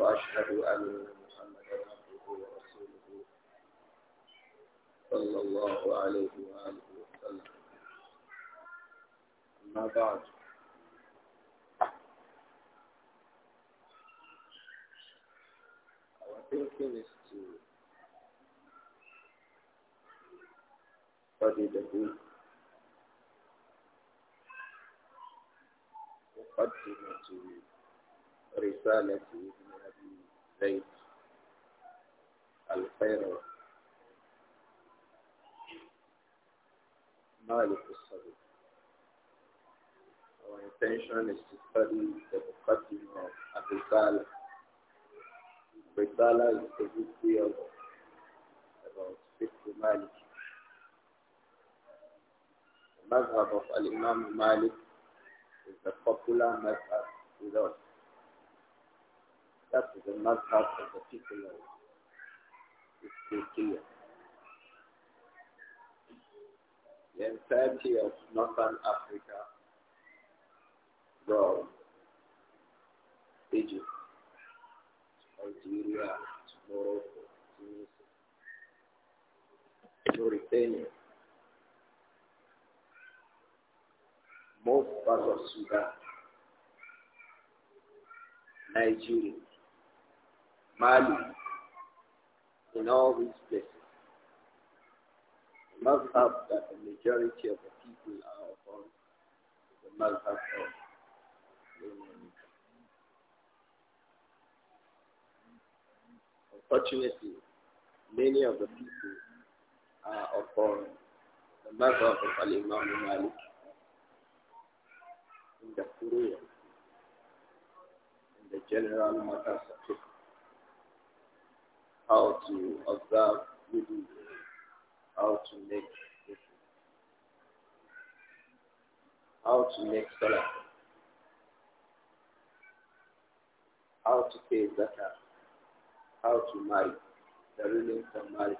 وأشهد أن محمدا عبده ورسوله صلى الله عليه وآله وسلم أما بعد Our thinking is to study the book مقدمة رسالة البيت الخير مالك الصدر Our intention is to study the Muqaddimah of Risala. Risala is the history of about Fiqh Malik. The madhab of Al-Imam Malik is the popular madhab with us. That is a mazhab of the people of Ethiopia. The entirety of northern Africa, from Egypt, Algeria, Morocco, Tunisia, Mauritania, most parts of Sudan, Nigeria, Mali, in all these places. The mazhab that the majority of the people are upon is the mazhab of Unfortunately, many of the people are upon the mazhab of Ali imam Malik in the Quran, in the general matters of how to observe wudu, how to make how to make salah, how to pay zakat, how to marry, the rulings of marriage,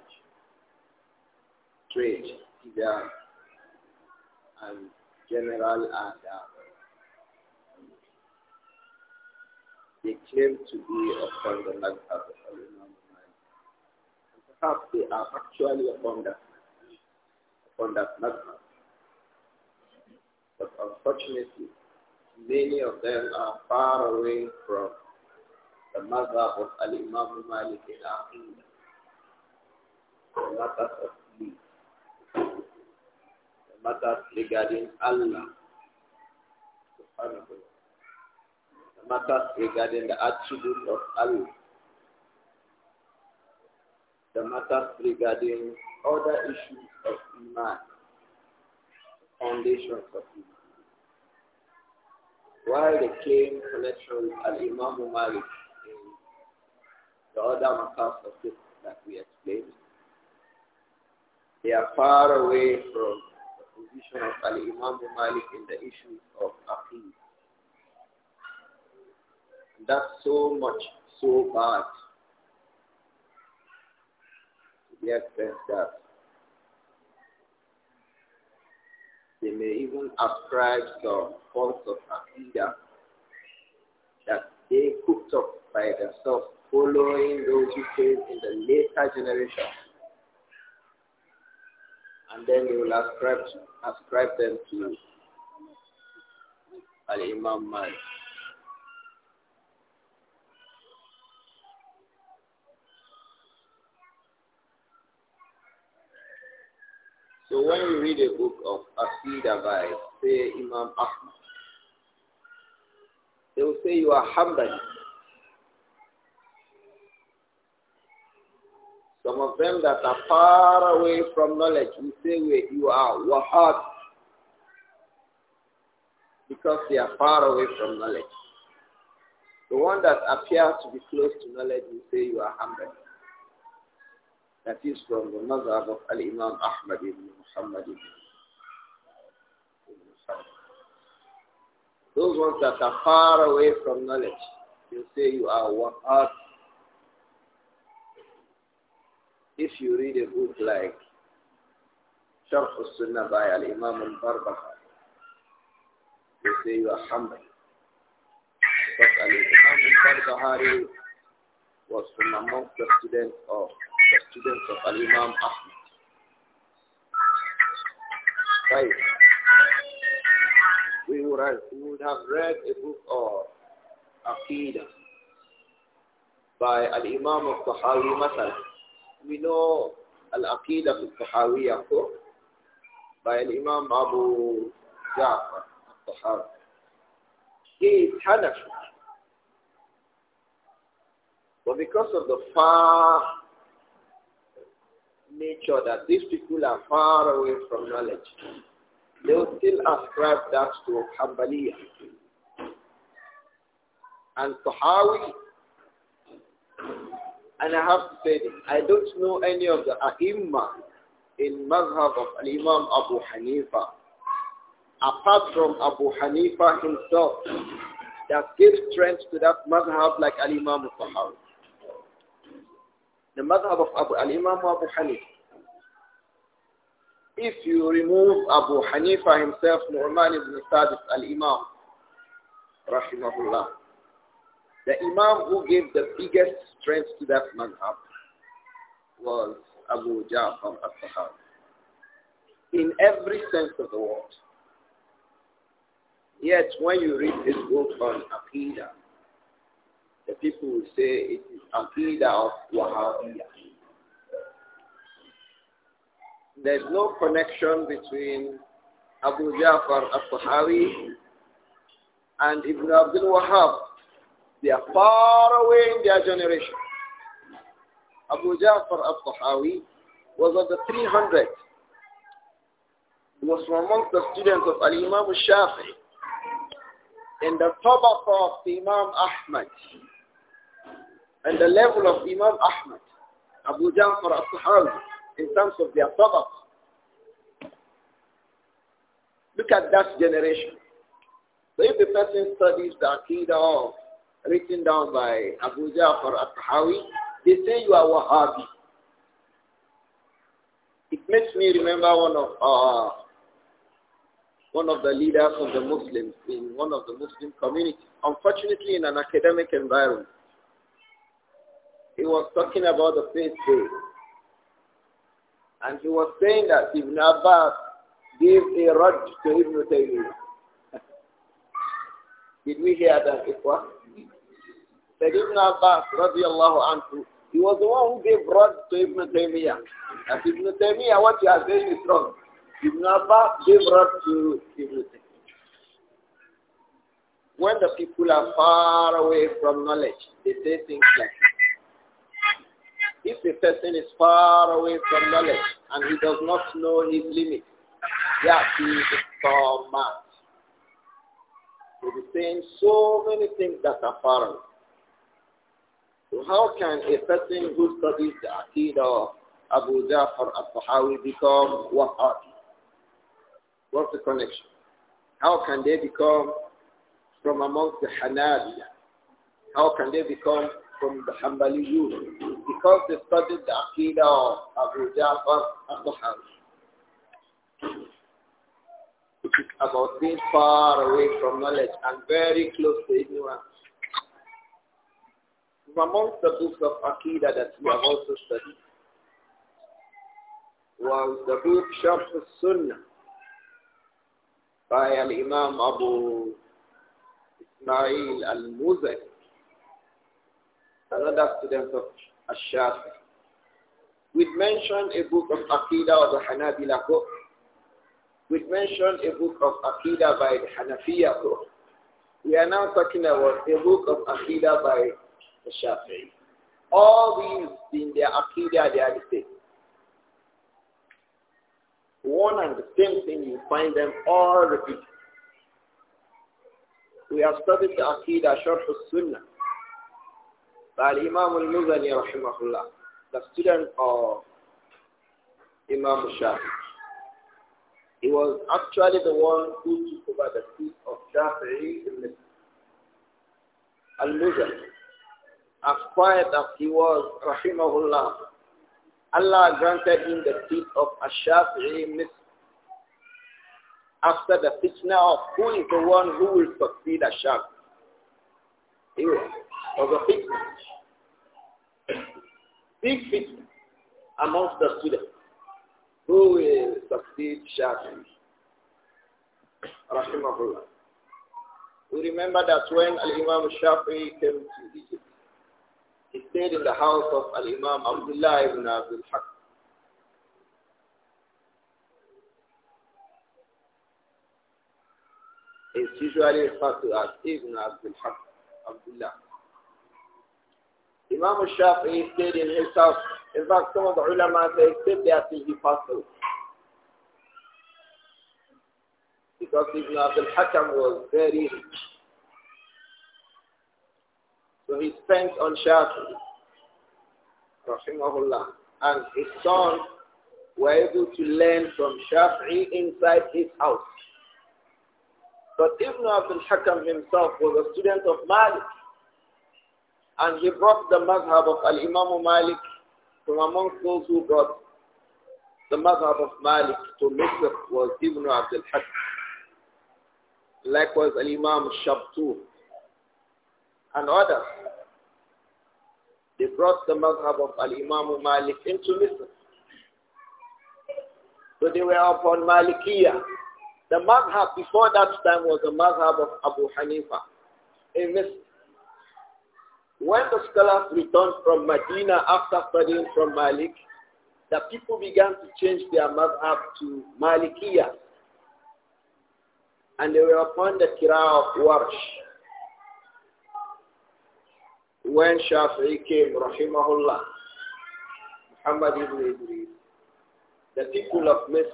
trade, either and general and uh, they claim to be upon the madhab they are actually upon that, upon that matter. But unfortunately, many of them are far away from the mother of Ali imam Malik the matters of peace, the matters regarding Allah, the matters regarding the attributes of Allah, the matters regarding other issues of Iman, foundations of Iman. While the claim with al Imam Malik in the other matters of this that we explained, they are far away from the position of al Imam Malik in the issues of appeal. That's so much so bad yes, extent that they may even ascribe some forms of aqidah that they cooked up by themselves following those who came in the later generation. And then they will ascribe, ascribe them to an imam man. So when you read a book of Aqidah by, say, Imam Ahmad, they will say you are Hanbali. Some of them that are far away from knowledge, will say you are Wahhab because they are far away from knowledge. The one that appears to be close to knowledge, will say you are Hanbali. That is from the mother of Al-Imam Ahmad ibn somebody. Those ones that are far away from knowledge, you say you are one Wahhab. If you read a book like Sharh al-Sunnah by Al-Imam al-Barbahar, you say you are humble. Because Al-Imam al was from among the students of the students of Al-Imam Ahmad. Right. We would have, we would have read a book of Aqidah by Al-Imam of Tahawi Masal. We know Al-Aqidah of Tahawi Yaqub by Al-Imam Abu Ja'far tahawi He is Hanafi. But because of the far Nature sure that these people are far away from knowledge. They will still ascribe that to Hanbaliya. And Tahawi, and I have to say this, I don't know any of the ai in madhab of Imam Abu Hanifa, apart from Abu Hanifa himself, that gives strength to that madhab like Al-Imam Tahawi the mother of Abu, al-Imam Abu Hanif. If you remove Abu Hanifa himself, Nu'man ibn Sadis al-Imam, rahimahullah, the Imam who gave the biggest strength to that madhab was Abu Ja'far al-Sahabi. In every sense of the word. Yet when you read his book on Aqidah, the people will say it is Aqidah of Wahhabiyah. There's no connection between Abu Ja'far al-Tahawi and Ibn Abdul Wahhab. They are far away in their generation. Abu Ja'far al-Tahawi was of the 300. He was from amongst the students of Al-Imam al-Shafi'i in the tabaqah of Imam Ahmad and the level of Imam Ahmad, Abu Ja'far al-Sahawi, in terms of their tabaq. Look at that generation. So if the person studies the Aqidah written down by Abu Ja'far al-Sahawi, they say you are Wahhabi. It makes me remember one of uh, one of the leaders of the Muslims in one of the Muslim communities, unfortunately in an academic environment. He was talking about the faith day. And he was saying that Ibn Abbas gave a rod to Ibn Taymiyyah. Did we hear that, before? But Ibn Abbas, radiallahu anhu, he was the one who gave rod to Ibn Taymiyyah. and Ibn Taymiyyah, what you are saying is wrong. Ibn Abbas gave rod to Ibn Taymiyyah. When the people are far away from knowledge, they say things like if the person is far away from knowledge and he does not know his limit, that is so much. He'll be saying so many things that are far away. So how can a person who studies the Aqidah of Abu Ja'far al-Tahawi become Wahhabi? What's the connection? How can they become from amongst the Hanabiya? How can they become from the Hanbali youth because they studied the Aqidah of Abu Ja'far al-Bukhari. It is about being far away from knowledge and very close to ignorance. From amongst the books of Aqidah that we have also studied was the book Sharh sunnah by al-Imam Abu Ismail al muzaffar another student of ash We've mentioned a book of Aqidah of the Hanabila book. We've mentioned a book of Aqidah by the Hanafiya book. We are now talking about a book of Aqidah by the Shafi'i. All these in their Aqidah, they are the same. One and the same thing, you find them all repeated. We have studied the Aqidah, Sharh al-Sunnah the student of Imam Shafi. He was actually the one who took over the seat of Shafi'i in Al-Muzani. As quiet as he was, rahimahullah, Allah granted him the seat of Ash-Shafi'i after the fitna of who is the one who will succeed Ashab. He was a fitna. Big fitna amongst the students. Who will succeed Shafi? Rahimahullah. We remember that when Al-Imam Shafi came to Egypt, he stayed in the house of Al-Imam Abdullah ibn Abdul Haq. It's usually referred to as Ibn Abdul Haq, Abdullah. Imam Shafi'i stayed in his house. In fact, some of the ulama say he stayed there till he passed away. Because Ibn Abdul Hakam was very rich. So he spent on Shafi'i, rahimahullah. And his sons were able to learn from Shafi'i inside his house. But Ibn Abdul Hakam himself was a student of Malik. And he brought the madhab of Al-Imam Malik from amongst those who brought the madhab of Malik to Misr was Ibn Abdul Haq. Likewise Al-Imam Shabtu and others. They brought the madhab of Al-Imam Malik into Misr. So they were upon Malikia. The madhab before that time was the madhab of Abu Hanifa in Misr. When the scholars returned from Medina after studying from Malik, the people began to change their madhab to Malikiyah. And they were upon the Kira of Warsh. When Shafi'i came, Rahimahullah, Muhammad ibn Idris, the people of Misr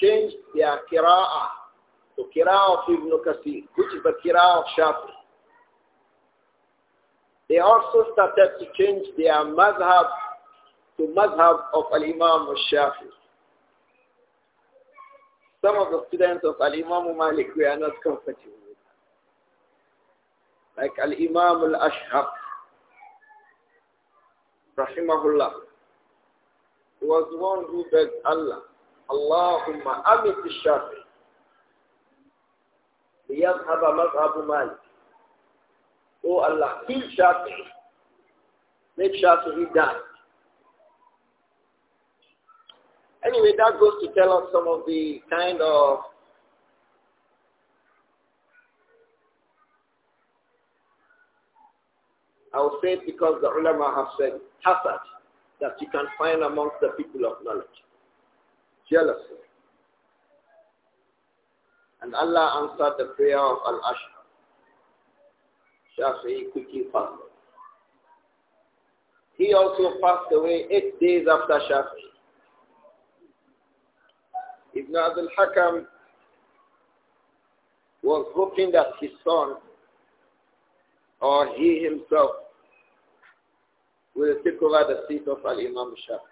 changed their Kira'ah to Kira'ah of Ibn kasir which is the Kira'ah of Shafi'i. They also started to change their madhab to madhab of Al-Imam al-Shafi. Some of the students of Al-Imam Malik were not comfortable with Like Al-Imam al-Ashhab, rahimahullah. He was the one who begged Allah, Allahumma amit al-Shafi. ليذهب مذهب Malik. Oh Allah, kill Shafi'i. Make Shafi'i die. Anyway, that goes to tell us some of the kind of I will say it because the ulama have said hazard that you can find amongst the people of knowledge. Jealousy. And Allah answered the prayer of Al-Ashq. Shafi'i quickly fasted. He also passed away eight days after Shafi'i. Ibn Abdul Hakam was hoping that his son or he himself will take over the seat of Al-Imam Shafi'i.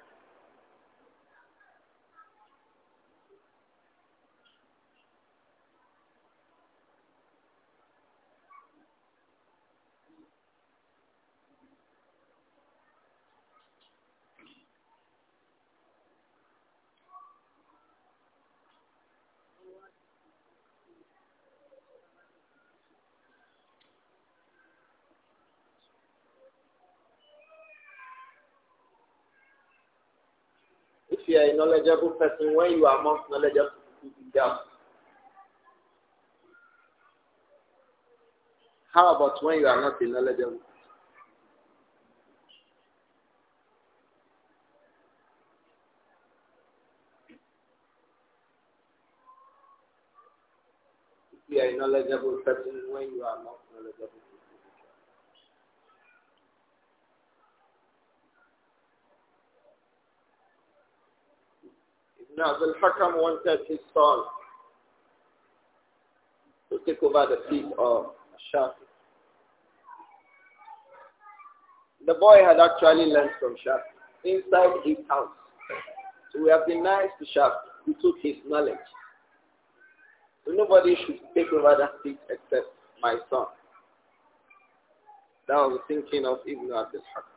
knowledgeable person when you are amongst knowledgeable people in How about when you are not a knowledgeable If you are knowledgeable person when you are not knowledgeable. Now, the Hakam wanted his son to take over the seat of Shafi. The boy had actually learned from Shafi inside his house. So we have been nice to Shafi. We took his knowledge. So nobody should take over that seat except my son. That was the thinking of Ibn Abdul Hakam.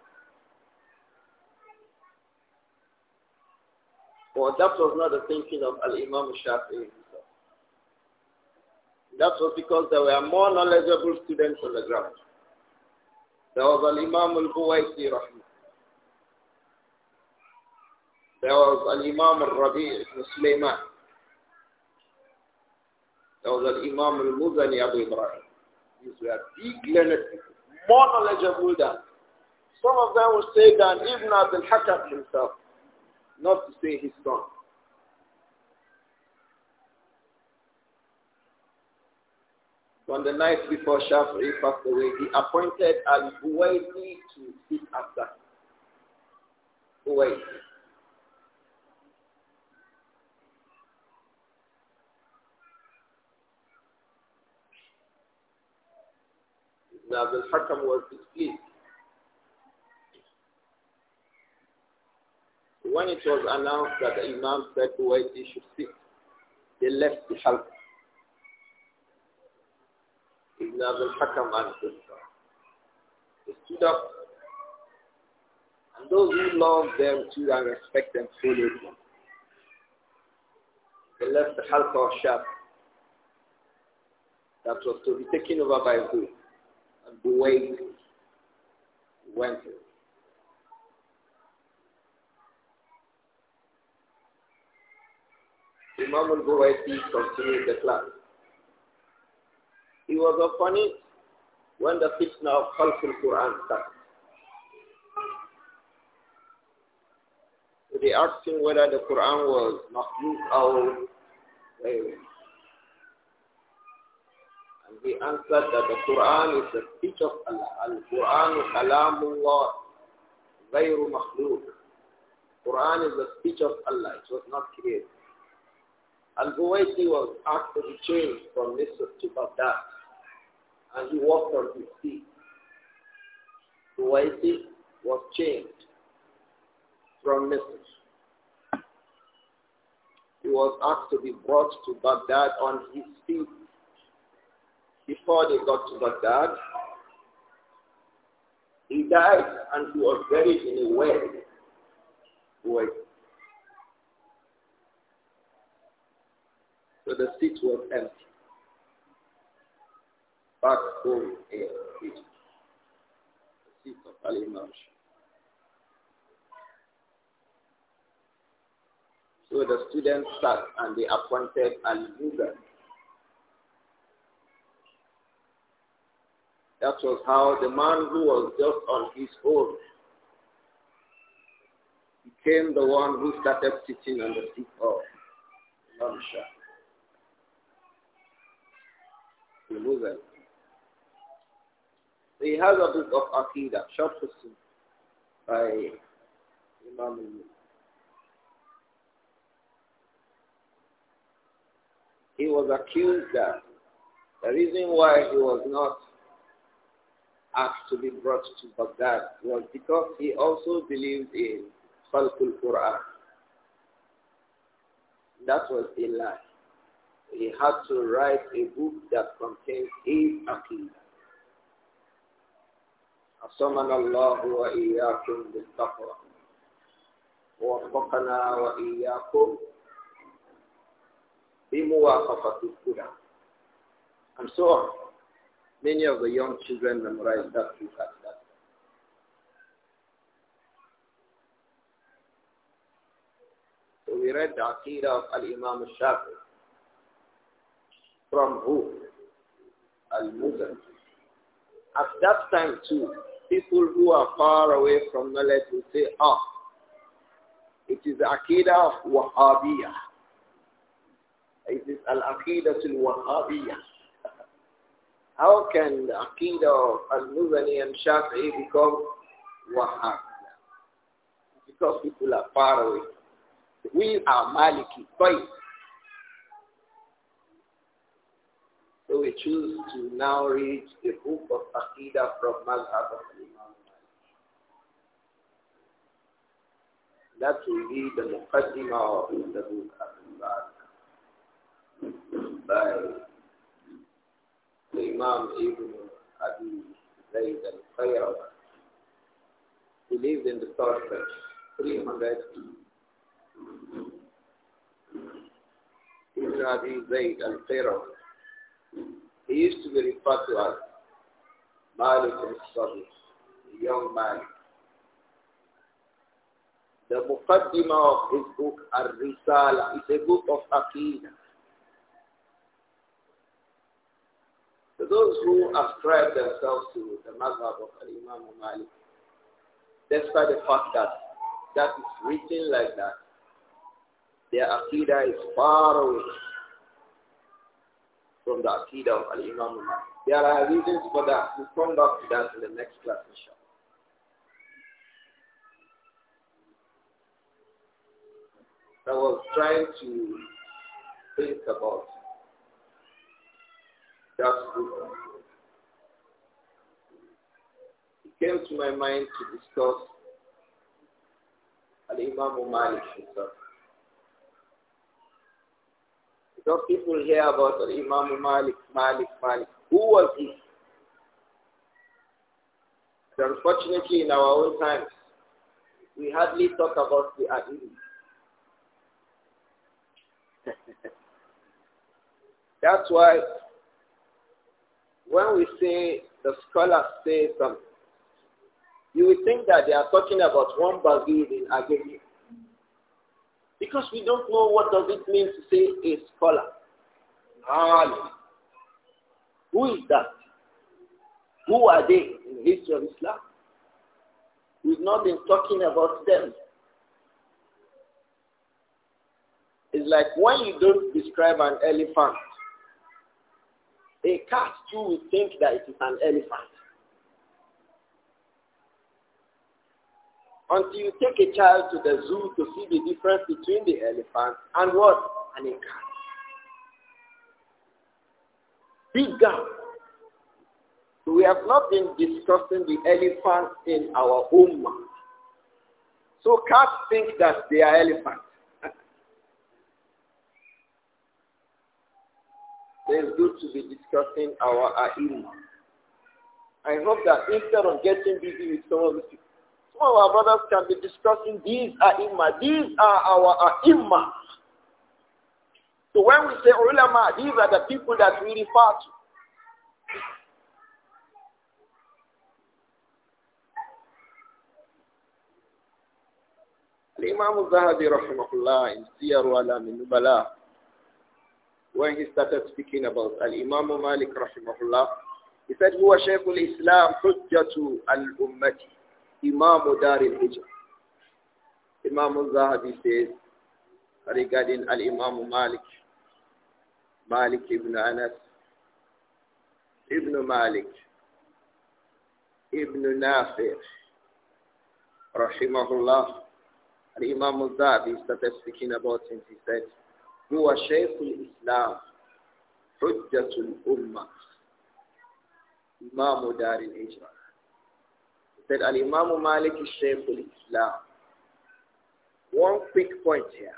Well, that was not the thinking of Al-Imam Shafi'i himself. That was because there were more knowledgeable students on the ground. There was Al-Imam Al-Buwaisi Rahim. There was Al-Imam Al-Rabi' Ibn Sulaiman. There was Al-Imam Al-Muzani Abu Ibrahim. These were big learned people, more knowledgeable than. Some of them would say than Ibn Abdul Hakam himself not to say his son. On the night before Shafri passed away, he appointed Al-Buwaiti to sit after Buwaiti. Now the Hakam was displeased when it was announced that the Imam said Uwaiti should sit, they left the halqa. Ibn Abdul Hakam and Hizbah. They stood up, and those who love them too and respect them followed them. They left the halqa of Shab that was to be taken over by who? And way went Imam al-Buwaiti continued the class. He was upon it when the fitna of Khalq al-Quran started. they asked him whether the Quran was makhluk or wayward. And he answered that the Quran is the speech of Allah. Al-Quran kalamullah, غير مخلوق. Quran is the speech of Allah. It was not created. Al-Buwaiti was asked to be changed from Mr. to Baghdad, and he walked on his feet. Buwaiti was changed from Mr. He was asked to be brought to Baghdad on his feet. Before they got to Baghdad, he died and he was buried in a well. So the seat was empty. Back home in The seat of Ali Imam So the students sat and they appointed Ali mughal That was how the man who was just on his own became the one who started sitting on the seat of Imam He has a book of Aqidah, Sharf by Imam al He was accused that the reason why he was not asked to be brought to Baghdad was because he also believed in Falkul Quran. That was a lie he had to write a book that contains his aqidah. أصمنا الله وإياكم بالتقوى ووفقنا وإياكم بموافقة الكلام and so on. Many of the young children memorize that book at that. So we read the Aqidah of Al-Imam al-Shafi'i from who? Al-Muzan. At that time too, people who are far away from knowledge will say, ah, it is the Aqidah of It is Al-Aqidah al-Wahhabiyah. How can the Aqidah of Al-Muzani and Shafi'i become Wahhabiyah? Because people are far away. We are Maliki, So we choose to now read the book of Akida from Mazhab of Imam That will be the Muqaddimah of the book of Imam. by the Imam Ibn Abi Zayd al-Khayrat. He lived in the third 300 Ibn Abi Zayd al-Khayrat he used to be referred to as Malik al-Sabir, the young man. The Muqaddimah of his book, ar risala is a book of Aqidah. For those who ascribe themselves to the Madhab of Imam Malik, despite the fact that that is written like that, their aqidah is far away from the Aqidah of Al-Imam Malik. There are reasons for that. We'll come back to that in the next class, inshallah. I was trying to think about that book. It came to my mind to discuss Al-Imam Malik himself. Some people hear about Imam Malik, Malik, Malik. Who was he? And unfortunately, in our own times, we hardly talk about the ai That's why when we say the scholars say something, you will think that they are talking about one Bagid in Agege because we don't know what does it mean to say a scholar. Who is that? Who are they in the history of Islam? We've not been talking about them. It's like when you don't describe an elephant, a cat too will think that it is an elephant. Until you take a child to the zoo to see the difference between the elephant and what? And a cat. Big gap. We have not been discussing the elephant in our ummah. So cats think that they are elephants. it's good to be discussing our ai I hope that instead of getting busy with some of these some of our brothers can be discussing these are imma. These are our imma. So when we say ulama, these are the people that we refer to. Imam al-Zahabi rahimahullah in Siyar wa Nubala, when he started speaking about Al-Imam Malik rahimahullah, he said, هو شيخ الإسلام حجة الأمة Imam Dar al Imam al-Zahabi says, regarding al-Imam Malik, Malik ibn Anas, ibn Malik, ibn Nafir, rahimahullah, al-Imam al-Zahabi started speaking about him. He said, هو شيخ الإسلام حجة الأمة إمام دار الهجرة said Al-Imam Malik is Shaykhul Islam. One quick point here.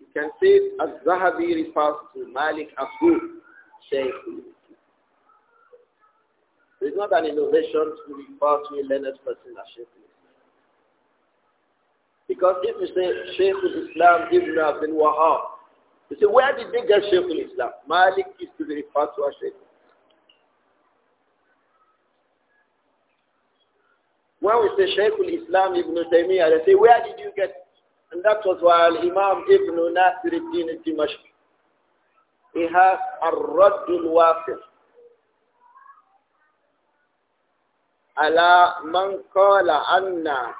You can see Al-Zahabi refers to Malik as who? Shaykhul so It's not an innovation to refer to a learned person as Shaykhul Because if you say Shaykhul Islam Ibn Abdul Wahab, you say where did they get Shaykhul Islam? Malik is to be referred to as Shaykhul When we say Shaykh al-Islam Ibn Taymiyyah, they say, where did you get? And that was why Imam Ibn Nasir al-Din al-Dimashq. He has الرد الوافر على من قال أن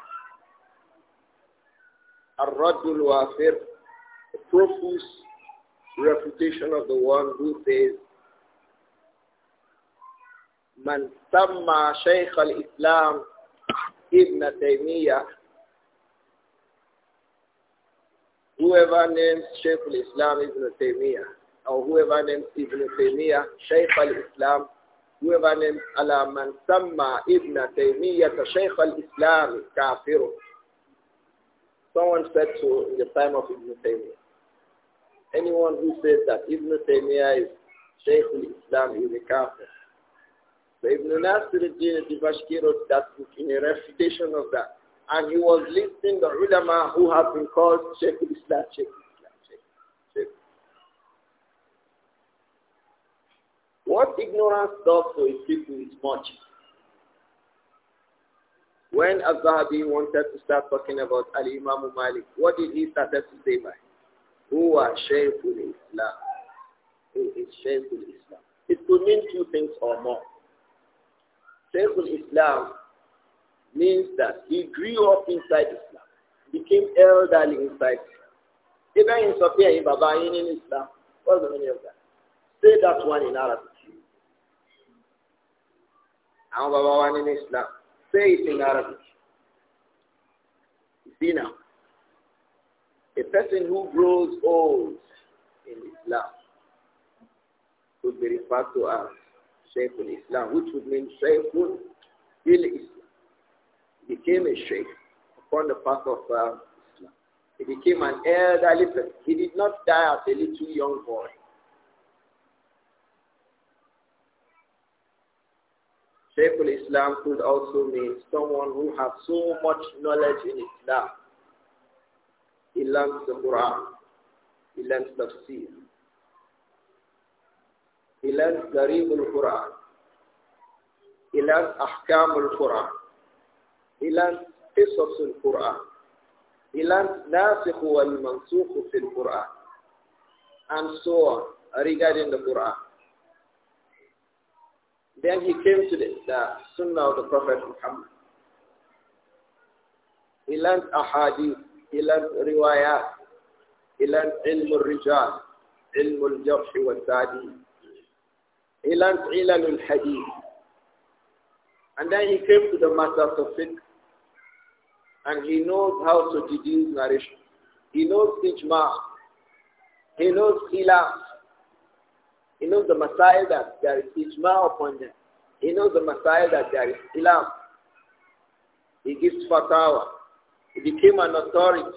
الرد الوافر the profuse reputation of the one who says من سمى شيخ الإسلام Ibn Taymiyyah, whoever names Shaykh al-Islam Ibn Taymiyyah, or whoever names Ibn Taymiyyah Shaykh al-Islam, whoever names Allah man samma Ibn Taymiyyah Shaykh al-Islam kafir. Someone said so in the time of Ibn Taymiyyah. Anyone who says that Ibn Taymiyyah is Shaykh al-Islam is a kafir. So Ibn Nasir al the wrote that book in a refutation of that. And he was listing the ulama who have been called Sheikh Islam, Sheikh Islam, Sheikh, What ignorance does to a people is much. When Al-Zahabi wanted to start talking about Ali imam Malik, what did he start to say by? Who are Sheikhul Islam? Who is Sheikhul Islam? It could mean two things or more. Shaykhul Islam means that he grew up inside Islam, became elderly inside Islam. Even in Sophia, in Baba, in, Islam, what's the meaning of that? Say that one in Arabic. Our Baba one in Islam. Say it in Arabic. You see now, a person who grows old in Islam could be referred to as Shaykh al-Islam, which would mean Shaykhul bil-Islam. became a Shaykh upon the path of uh, Islam. He became an elderly person. He did not die as a little young boy. Shaykhul islam could also mean someone who has so much knowledge in Islam. He learns the Quran. He learns tafsir. إلى طريق القرآن إلى أحكام القرآن إلى قصص القرآن إلى الناسخ والمنسوخ في القرآن and so on regarding the Quran. Then he came to the, the Sunnah of the Prophet Muhammad. He learned ahadith, he learned riwayat, he learned ilm al-rijal, ilm al-jabh wa He learned Ilalul Hadith. And then he came to the matter of fiqh and he knows how to deduce narration. He knows ijma. He knows khilaf. He knows the masail that there is ijma upon them. He knows the masail that there is khilaf. He gives fatwa. He became an authority.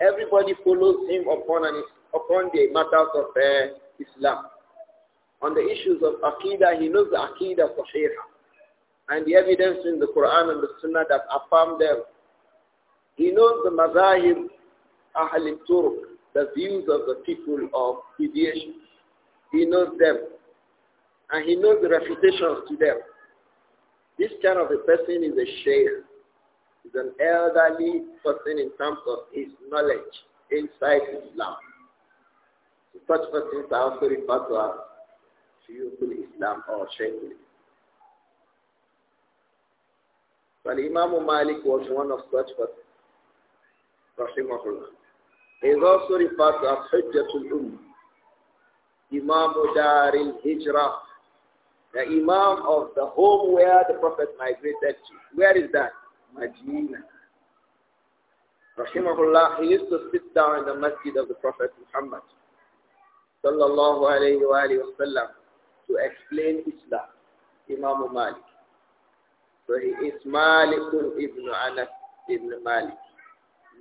Everybody follows him upon, an, upon the matters of uh, Islam on the issues of akida, he knows the Aqidah Sahihah and the evidence in the Quran and the Sunnah that affirm them. He knows the Mazahib Ahl al the views of the people of deviation. He knows them. And he knows the refutations to them. This kind of a person is a sheikh. He's an elderly person in terms of his knowledge inside Islam. Such persons are also referred to as Shuyukul Islam or Shaykhul But Imam Malik was one of such persons. Rahimahullah. He is also referred to as Hujjatul Ummah. Imam Dar al-Hijrah. The Imam of the home where the Prophet migrated to. Where is that? Medina. Rahimahullah, he used to sit down in the masjid of the Prophet Muhammad. Sallallahu alayhi wa sallam to explain Islam, Imam Malik. So he is Malik ibn Anas ibn Malik.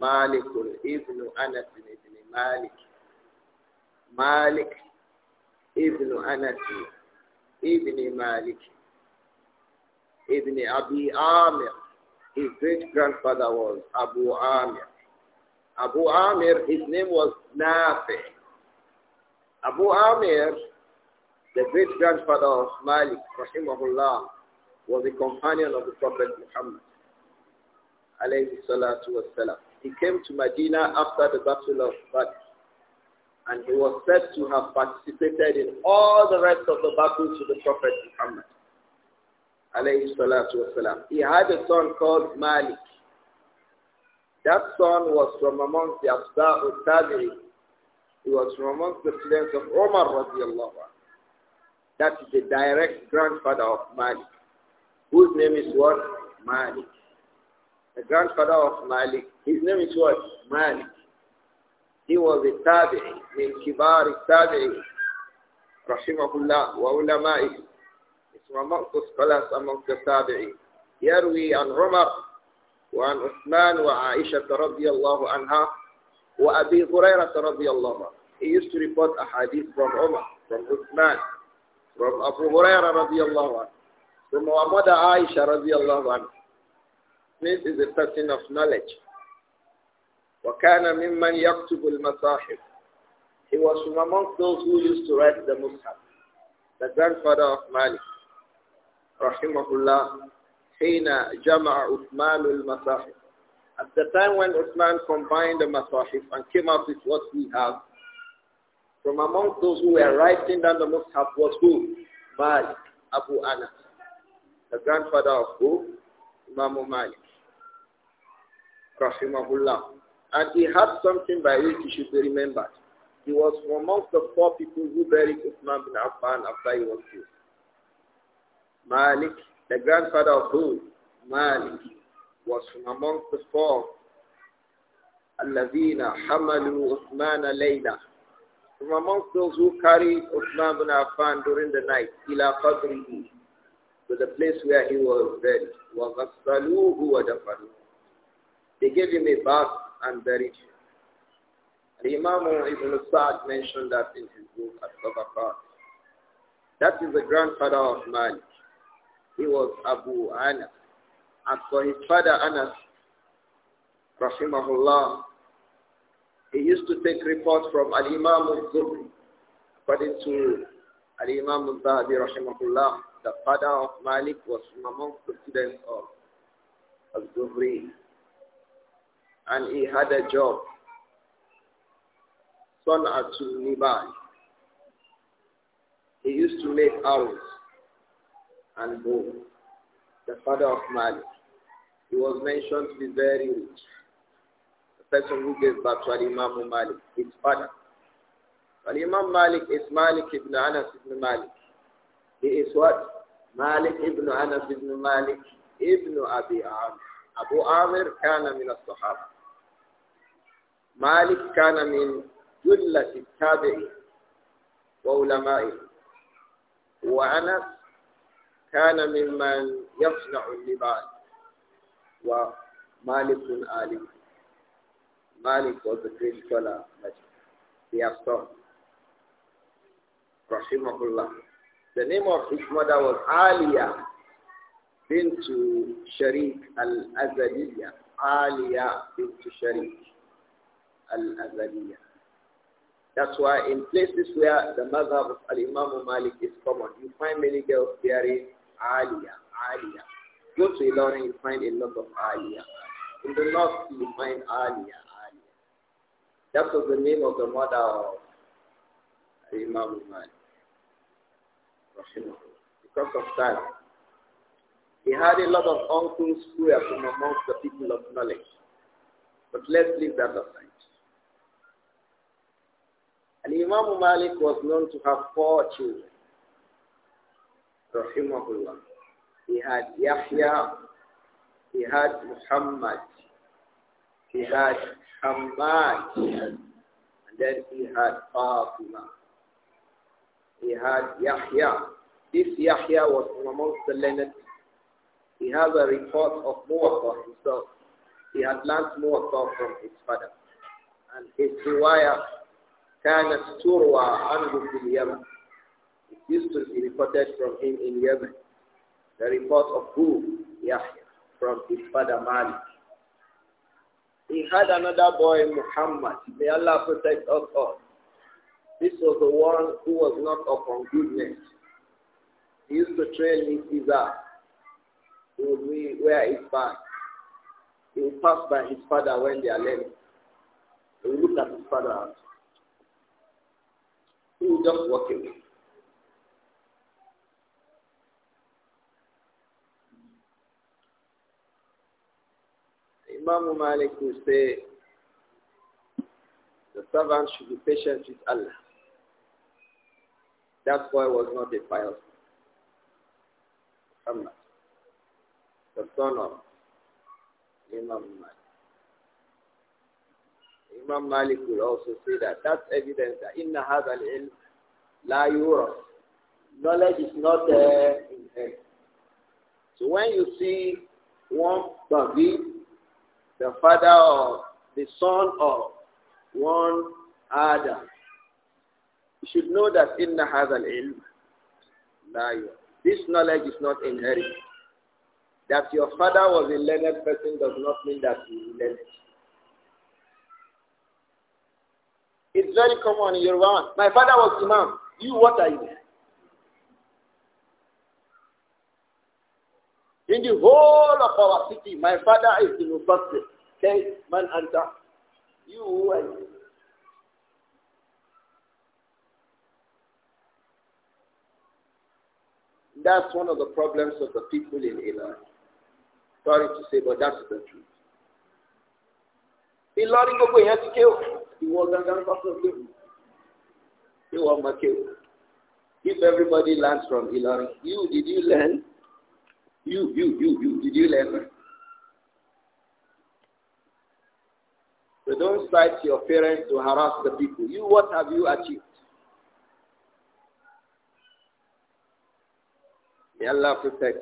Malikun ibn Anas ibn Malik. Malik ibn Anas ibn Malik. Ibn Abi Amir. His great grandfather was Abu Amir. Abu Amir, his name was Nafi. Abu Amir the great grandfather of Malik, rahimahullah, was a companion of the Prophet Muhammad, alayhi salatu wasalam. He came to Medina after the Battle of Badr, and he was said to have participated in all the rest of the battles with the Prophet Muhammad, alayhi salatu wasalam. He had a son called Malik. That son was from amongst the Asba'u Tabi'i. He was from amongst the students of Omar radiallahu anhu. That is the direct grandfather of Malik. Whose name is what? Malik. The grandfather of Malik. His name is what? Malik. He was a tabi'i, min kibari tabi'i, rahimahullah wa ulama'i. It's amongst the scholars, among the tabi'i. يروي عن عمر وعن عثمان وعائشة رضي الله عنها وأبي هريرة رضي الله anha. He used to report a hadith from Umar, from Uthman, from Abu Hurairah radiallahu anh, from our mother Aisha radiallahu anh. This is a person of knowledge. وَكَانَ مِمَّنْ يَكْتُبُ الْمَصَاحِبِ He was from among those who used to write the Mus'haf, the grandfather of Malik, rahimahullah, حين جمع عثمان المصاحف. At the time when Uthman combined the Masahif and came up with what we have, from among those who were writing down the Mus'haf was who? Malik, Abu Anas, the grandfather of who? Imam Malik, Rahimahullah. And he had something by which he should be remembered. He was from amongst the four people who buried Uthman bin Affan after he was killed. Malik, the grandfather of who? Malik, was from amongst the four الذين حملوا عثمان ليلة from amongst those who carried Uthman bin Affan during the night, ila qabrihi, to the place where he was buried. وَغَسَّلُوهُ وَدَفَنُوهُ They gave him a bath and buried him. The Imam Ibn Sa'd mentioned that in his book Al-Tabaqat. That is the grandfather of Malik. He was Abu Anas. And for his father Anas, Rahimahullah, he used to take reports from Al-Imam al-Zuhri, according to Al-Imam al-Zahabi rahimahullah, the father of Malik was from the students of al-Zuhri. And he had a job, son Atul Nibai, He used to make arrows and bow, the father of Malik. He was mentioned to be very rich. person who gave birth to Imam Malik, his father. Al-Imam Malik is Malik ibn Anas ibn Malik. He is what? Malik ibn Anas ibn Malik ibn Abi Amr. Abu Amr kana kana min min al-Sahaba. Malik كان tabii wa ulama'i. Wa Anas kana min man yafna'u al ممن Wa Malik ibn Ali. Malik was the great scholar that we have taught. Rahimahullah. The name of his mother was Aliya bint Sharik al Azaliya. Aliya bint Sharik al Azaliya. That's why in places where the mother of imam Malik is common, you find many girls bearing Aliya. Aliya. Go to Ilorin, you find a lot of Aliya. In the north, you find Aliya. That was the name of the mother of Imam Malik. Because of that, he had a lot of uncles who were from amongst the people of knowledge. But let's leave that aside. And Imam Malik was known to have four children. Rahimahullah. He had Yahya, he had Muhammad, he had back. And then he had Fatima. He had Yahya. This Yahya was from amongst the learned. He has a report of Muwatta himself. He had learnt Muwatta from his father. And his riwayah كانت تروى عنه في اليمن. It used to be reported from him in Yemen. The report of who? Yahya. From his father Malik. He had another boy, Muhammad. May Allah protect us all. This was the one who was not upon goodness. He used to train his father. He would be where his back. He would pass by his father when they are left. He would look at his father. He would just walk away. Imam Malik will say, the servant should be patient with Allah. That boy was not a pious Muhammad, the son of Imam Malik. Imam Malik will also say that that's evidence that inna hadha al-ilm la yura. Knowledge is not there uh, in head. So when you see one Babi the father of, the son of one Adam. You should know that inna the al This knowledge is not inherited. That your father was a learned person does not mean that you learned it. It's very common in Yoruba. My father was imam. You, what are you? In the whole of our city, my father is the Mubassir. Okay, Man answer. You and That's one of the problems of the people in Iran. Sorry to say, but that's the truth. Ìlọrin gbogbo èèyàn ti kéwò. Ìwọ gangan sọ́kàn kéwò. Ìwọ my kill? If everybody learns from Ilorin, you, did you learn? You, you, you, you. Did you learn? So don't cite your parents to harass the people. You, what have you achieved? May Allah protect.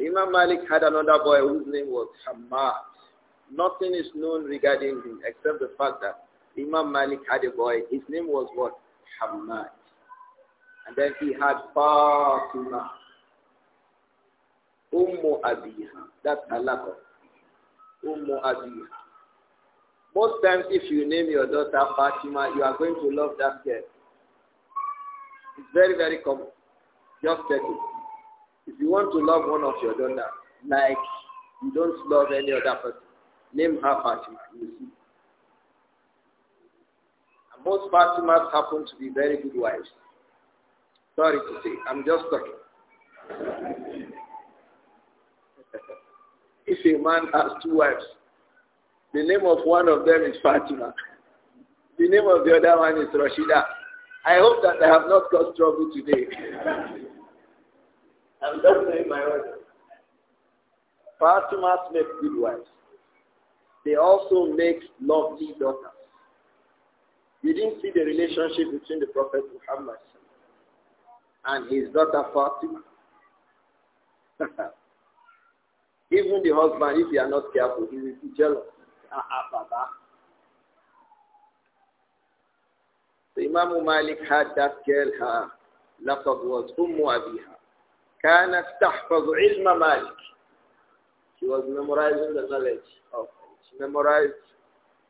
Imam Malik had another boy whose name was Hamad. Nothing is known regarding him except the fact that Imam Malik had a boy. His name was what? Hamad. And then he had Fatima. Ummu Abiha. That's her Ummu Abiha. Most times if you name your daughter Fatima, you are going to love that girl. It's very, very common. Just check it. If you want to love one of your daughters, like you don't love any other person, name her Fatima. You see. And most Fatimas happen to be very good wives. Sorry to say, I'm just talking if a man has two wives, the name of one of them is Fatima. The name of the other one is Rashida. I hope that I have not caused trouble today. I'm just saying my own. Fatimas make good wives. They also make lovely daughters. You didn't see the relationship between the Prophet Muhammad and his daughter Fatima. Even the husband, if he are not careful, he will be jealous. Ah, ah, so Imam Malik had that girl, her laqab was Umm Abiha. كانت تحفظ علم مالك. She was memorizing the knowledge of, she memorized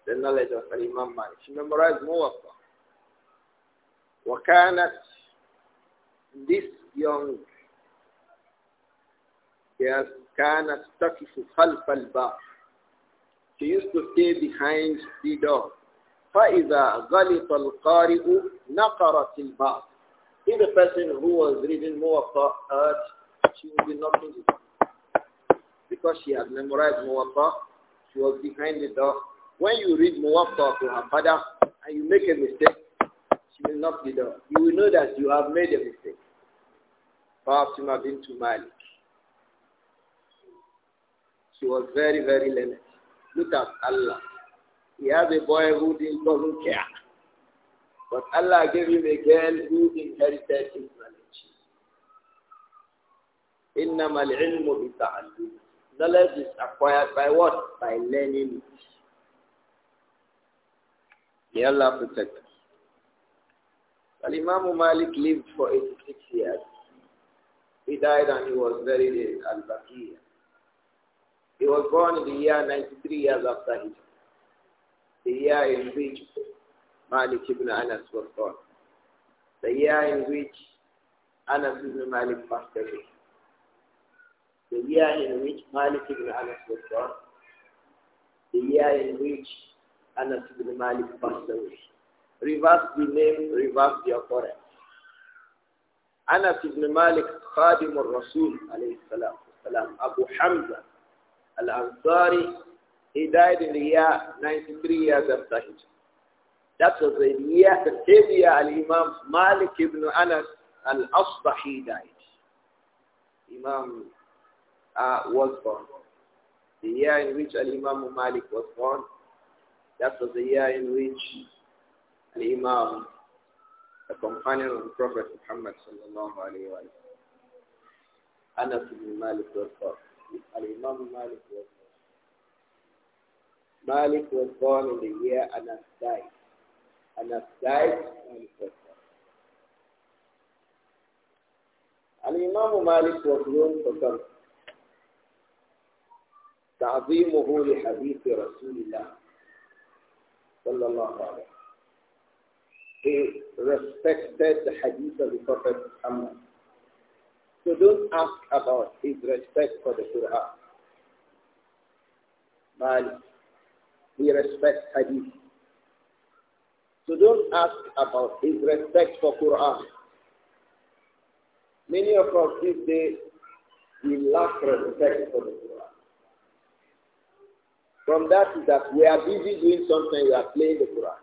the knowledge of Imam Malik. She memorized Muwatta. وكانت this young girl كانت تقف خلف الباب She used to stay behind the door. فإذا غلط القارئ نقرت الباب If the person who was reading Muwatta heard, she would be knocking it. Because she had memorized Muwatta, she was behind the door. When you read Muwatta to her father and you make a mistake, she will knock the door. You will know that you have made a mistake. been too Malik. He was very, very learned. Look at Allah. He has a boy who doesn't care. But Allah gave him a girl who inherited his knowledge. إِنَّمَا الْعِلْمُ بِتَعَلُّمِ Knowledge is acquired by what? By learning it. May Allah protect us. Al-Imam Malik lived for 86 years. He died and he was buried in Al-Baqiyah. He was born in the year 93 years after Hijrah, the year in which Malik ibn Anas was born, the year in which Anas ibn Malik passed away, the year in which Malik ibn Anas was born, the year in which Anas ibn Malik passed away. Reverse the name, reverse the occurrence. Anas ibn Malik, Khadim al-Rasul, alayhi salam, Abu Hamza, Al-Ansari, he died in the year 93 years after Hijrah. That was the year, the same year Al-Imam Malik ibn Anas Al-Asbahi died. Imam uh, was born. The year in which Al-Imam Malik was born, that was the year in which Al-Imam, the companion of the Prophet Muhammad sallallahu alayhi wa sallam, Anas ibn Malik was born. Al-Imam Malik was born. Malik was born in the year Anas died. Anas died, Malik was born. Al-Imam Malik was known for something. تعظيمه لحديث رسول الله صلى الله عليه وسلم. He respected the hadith of the Prophet Muhammad so don't ask about his respect for the Quran. But he respects Hadith. So don't ask about his respect for Quran. Many of us these days, we lack respect for the Quran. From that is that we are busy doing something, we are playing the Quran.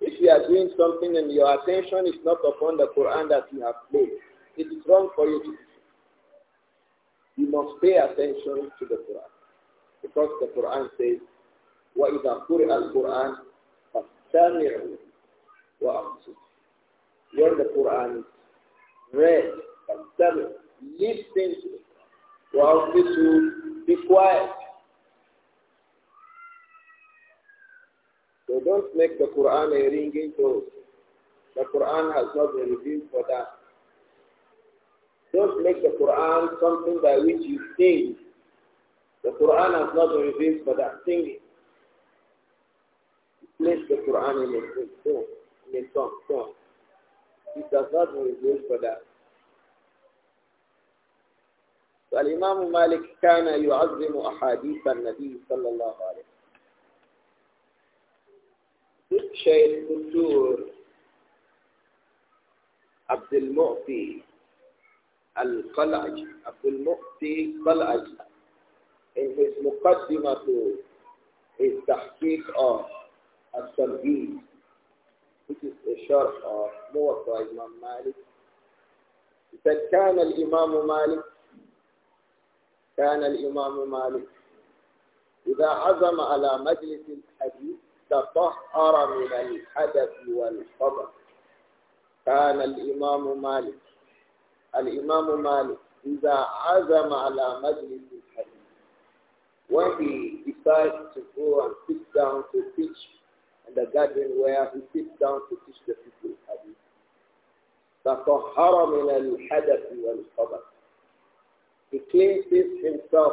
If you are doing something and your attention is not upon the Quran that you have played, it is wrong for you to do so. You must pay attention to the Quran. Because the Quran says, وَإِذَا قُرِئَ الْقُرْآنِ فَاسْتَمِعُوا وَأَنصِتُوا When the Quran is read, فَاسْتَمِعُوا Listen to it. وَأَنصِتُوا Be quiet. So don't make the Quran a ringing tone. The Quran has not been revealed for that. Don't make the Quran something by which you sing. The Quran has not been revealed for that singing. Place the Quran in a song, in a song, song. It does not been revealed for that. فالإمام مالك كان يعظم أحاديث النبي صلى الله عليه وسلم شيخ الدكتور عبد المعطي القلعج أبو المؤتي قلعج إن هز مقدمة التحقيق أو of التنبيه This is a sharp of موقع إمام مالك إذا كان الإمام مالك كان الإمام مالك إذا عزم على مجلس الحديث تطهر من الحدث والخبر كان الإمام مالك Al-Imam Malik, إِذَا عَزَمَ عَلَى مَجْلِسِ الْحَدِيثِ When he decides to go and sit down to teach in the garden where he sits down to teach the people hadith, تَطَهَّرَ مِنَ الْحَدَثِ He cleanses himself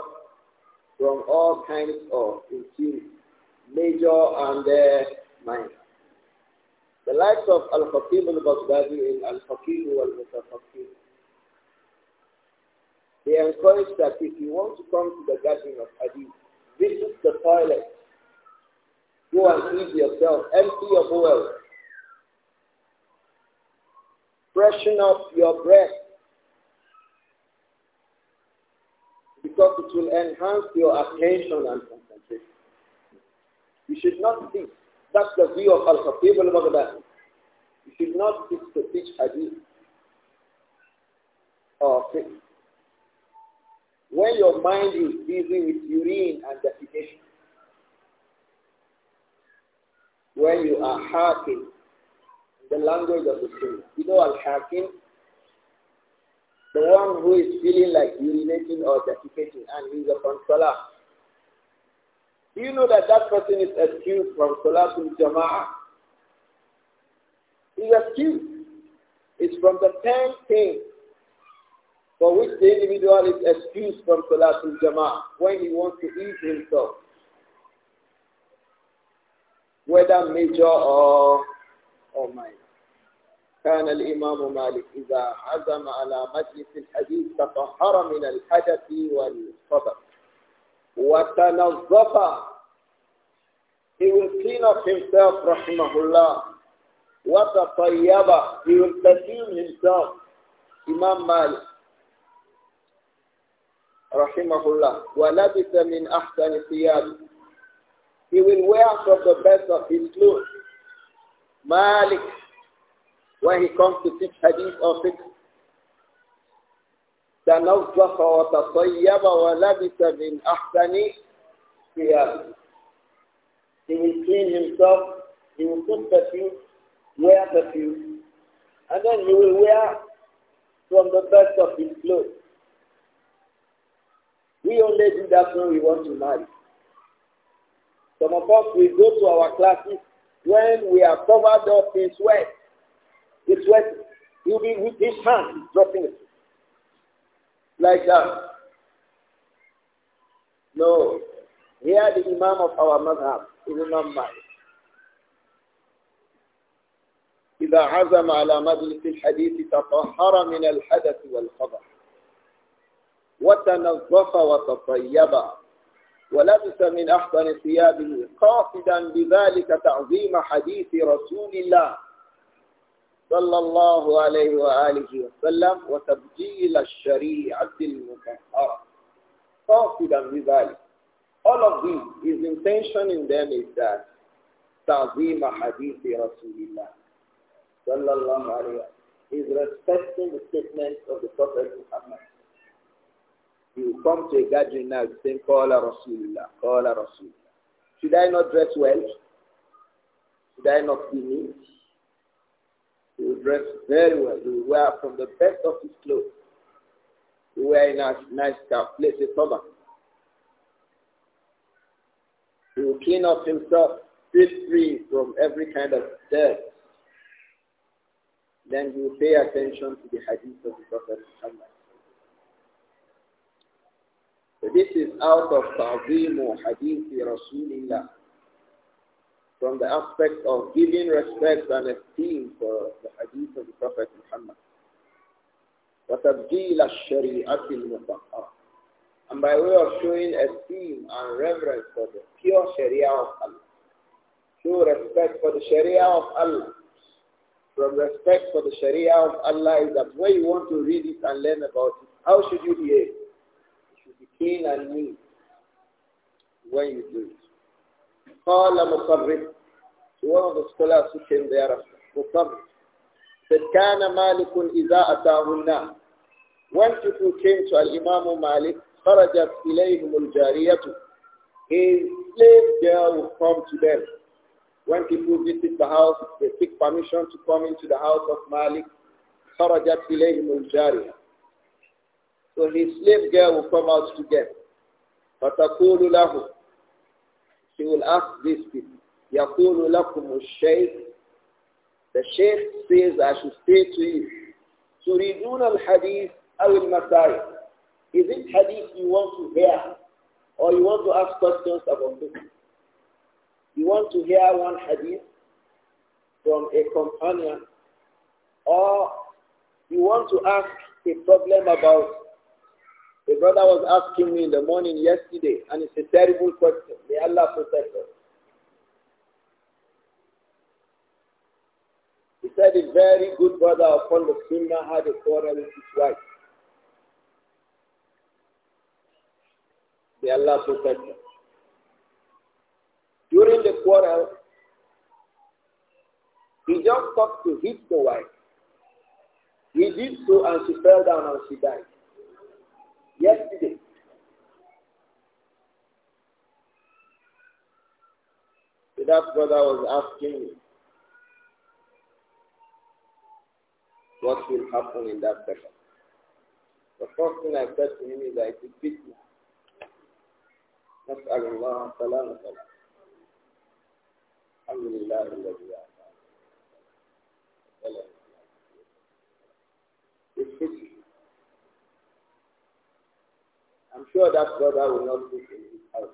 from all kinds of impurities, major and uh, minor. The likes of Al-Khatib al-Baghdadi and Al-Faqih al-Mutafaqih they encourage that if you want to come to the gathering of Hadith, visit the toilet. Go and feed yourself. Empty your bowl. Freshen up your breath. Because it will enhance your attention and concentration. You should not think. That's the view of al people al-Baghdadi. You should not seek to teach hadith or fiqh when your mind is busy with urine and defecation. When you are harking, the language of the soul. You know I'm harking The one who is feeling like urinating or defecating and he's a salah. Do you know that that person is excused from Salatul Jama'ah? He's excused. It's from the 10 things for which the individual is excused from Salatul Jama'ah when he wants to eat himself, whether major or, or oh minor. كان الإمام مالك إذا عزم على مجلس الحديث تطهر من الحدث والخبر وتنظف He will clean up himself رحمه الله وتطيب He will perfume himself Imam Malik rahimahullah, وَلَبِثَ مِنْ أَحْسَنِ ثِيَابِ He will wear from the best of his clothes. Malik, when he comes to teach hadith of it, تنظف وتطيب ولبس من أحسن ثيابه. He will clean himself, he will put perfume, wear perfume, and then he will wear from the best of his clothes. We only do that when we want to marry. Some of us, we go to our classes when we are covered up in sweat. It's sweat, you'll be with this hand dropping it. Like that. No. Here the Imam of our madhab is Imam Malik. إذا عزم على مجلس الحديث تطهر من الحدث والخبر وتنظف وتطيب ولبس من أحسن ثيابه قاصدا بذلك تعظيم حديث رسول الله صلى الله عليه وآله وسلم وتبجيل الشريعة المطهرة قاصدا بذلك All of these, his intention in them is that تعظيم حديث رسول الله صلى الله عليه وسلم is respecting the statements of the Prophet Muhammad you come to a gathering now saying, Qala Rasulullah, a Rasulullah. Should I not dress well? Should I not be neat? He will dress very well. He will wear from the best of his clothes. He will wear a nice, cap, place a cover. He will clean up himself, feel free from every kind of dirt. Then he will pay attention to the hadith of the Prophet Muhammad this is out of ta'zimu hadithi Rasulullah. From the aspect of giving respect and esteem for the hadith of the Prophet Muhammad. وتبجيل الشريعة المطهرة and by way of showing esteem and reverence for the pure Sharia of Allah. Show respect for the Sharia of Allah. From respect for the Sharia of Allah is that when you want to read it and learn about it, how should you behave? Keen and me when you do it. one of the scholars who came thereafter مصرف said كان مالك إذا أتاه when people came to Al-Imam Malik خرجت إليهم الجارية his slave girl would come to them when people visit the house they seek permission to come into the house of Malik خرجت إليهم الجارية so his slave girl will come out to get. فَتَقُولُ لَهُ She will ask these people, يَقُولُ لَكُمُ الشَّيْخ The sheikh says, I should say to you, تُرِيدُونَ الْحَدِيثِ أَوِ الْمَسَائِلِ Is it hadith you want to hear? Or you want to ask questions about this? You want to hear one hadith from a companion? Or you want to ask a problem about a brother was asking me in the morning yesterday, and it's a terrible question. May Allah protect us. He said a very good brother upon the sunnah had a quarrel with his wife. May Allah protect us. During the quarrel, he jumped up to hit the wife. He did so and she fell down and she died yesterday. what that brother was asking me what will happen in that session. The first thing I said to him is that it's fitna. نسأل Allah, سلامة الحمد لله الذي I'm sure that brother will not be in his house.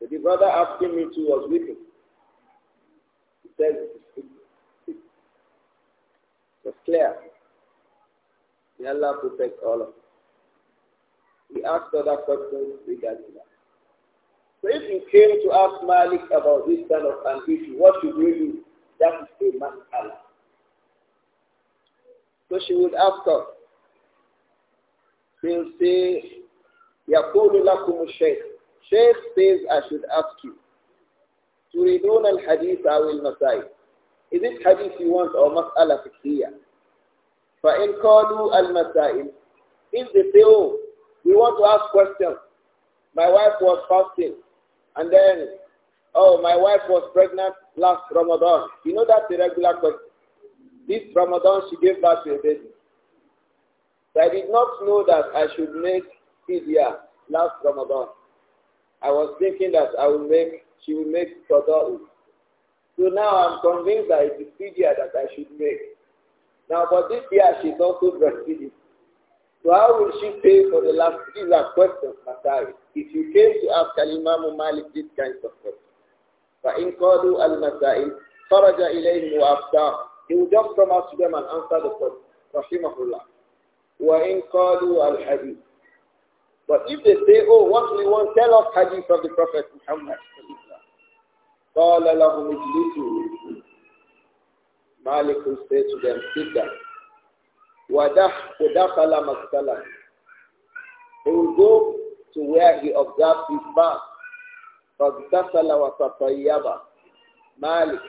So the brother asking me to was weeping. He said, it was clear. May Allah protect all of us. He asked other questions regarding that. So if you came to ask Malik about this kind of an issue, what should we do? That is a mas'ala. So she would ask us, he will say, يَقُولُ لَكُمُ الشَّيْخ Sheikh says I should ask you, تُرِيدُونَ الْحَدِيثَ أَوِ الْمَسَائِلِ Is it hadith you want or mas'ala fiqhiyah? فَإِنْ قَالُوا الْمَسَائِلِ If they say, oh, we want to ask questions. My wife was fasting. And then, oh, my wife was pregnant last Ramadan. You know that's a regular question. This Ramadan, she gave birth to a baby. So I did not know that I should make fidya last Ramadan. I was thinking that I will make, she will make qada'u. So now I'm convinced that it is fidya that I should make. Now, but this year she's also breastfeeding. So how will she pay for the last? These are questions, Matari. If you came to ask an imam Malik these kinds of questions, but in الْمَسَائِلِ خَرَجَ إِلَيْهِمْ وَأَفْتَاهُ He will just come out to them and answer the question. رحمه الله. وَإِنْ قَالُوا الْحَدِيثِ But if they say, oh, what we want, tell us hadith of the Prophet Muhammad. قَالَ لَهُمْ اجْلِسُوا Malik will say to them, sit down. وَدَخَلَ مَكْتَلَهُ He will go to where he observed his bath. فَاغْتَسَلَ وَتَطَيَّبَ Malik,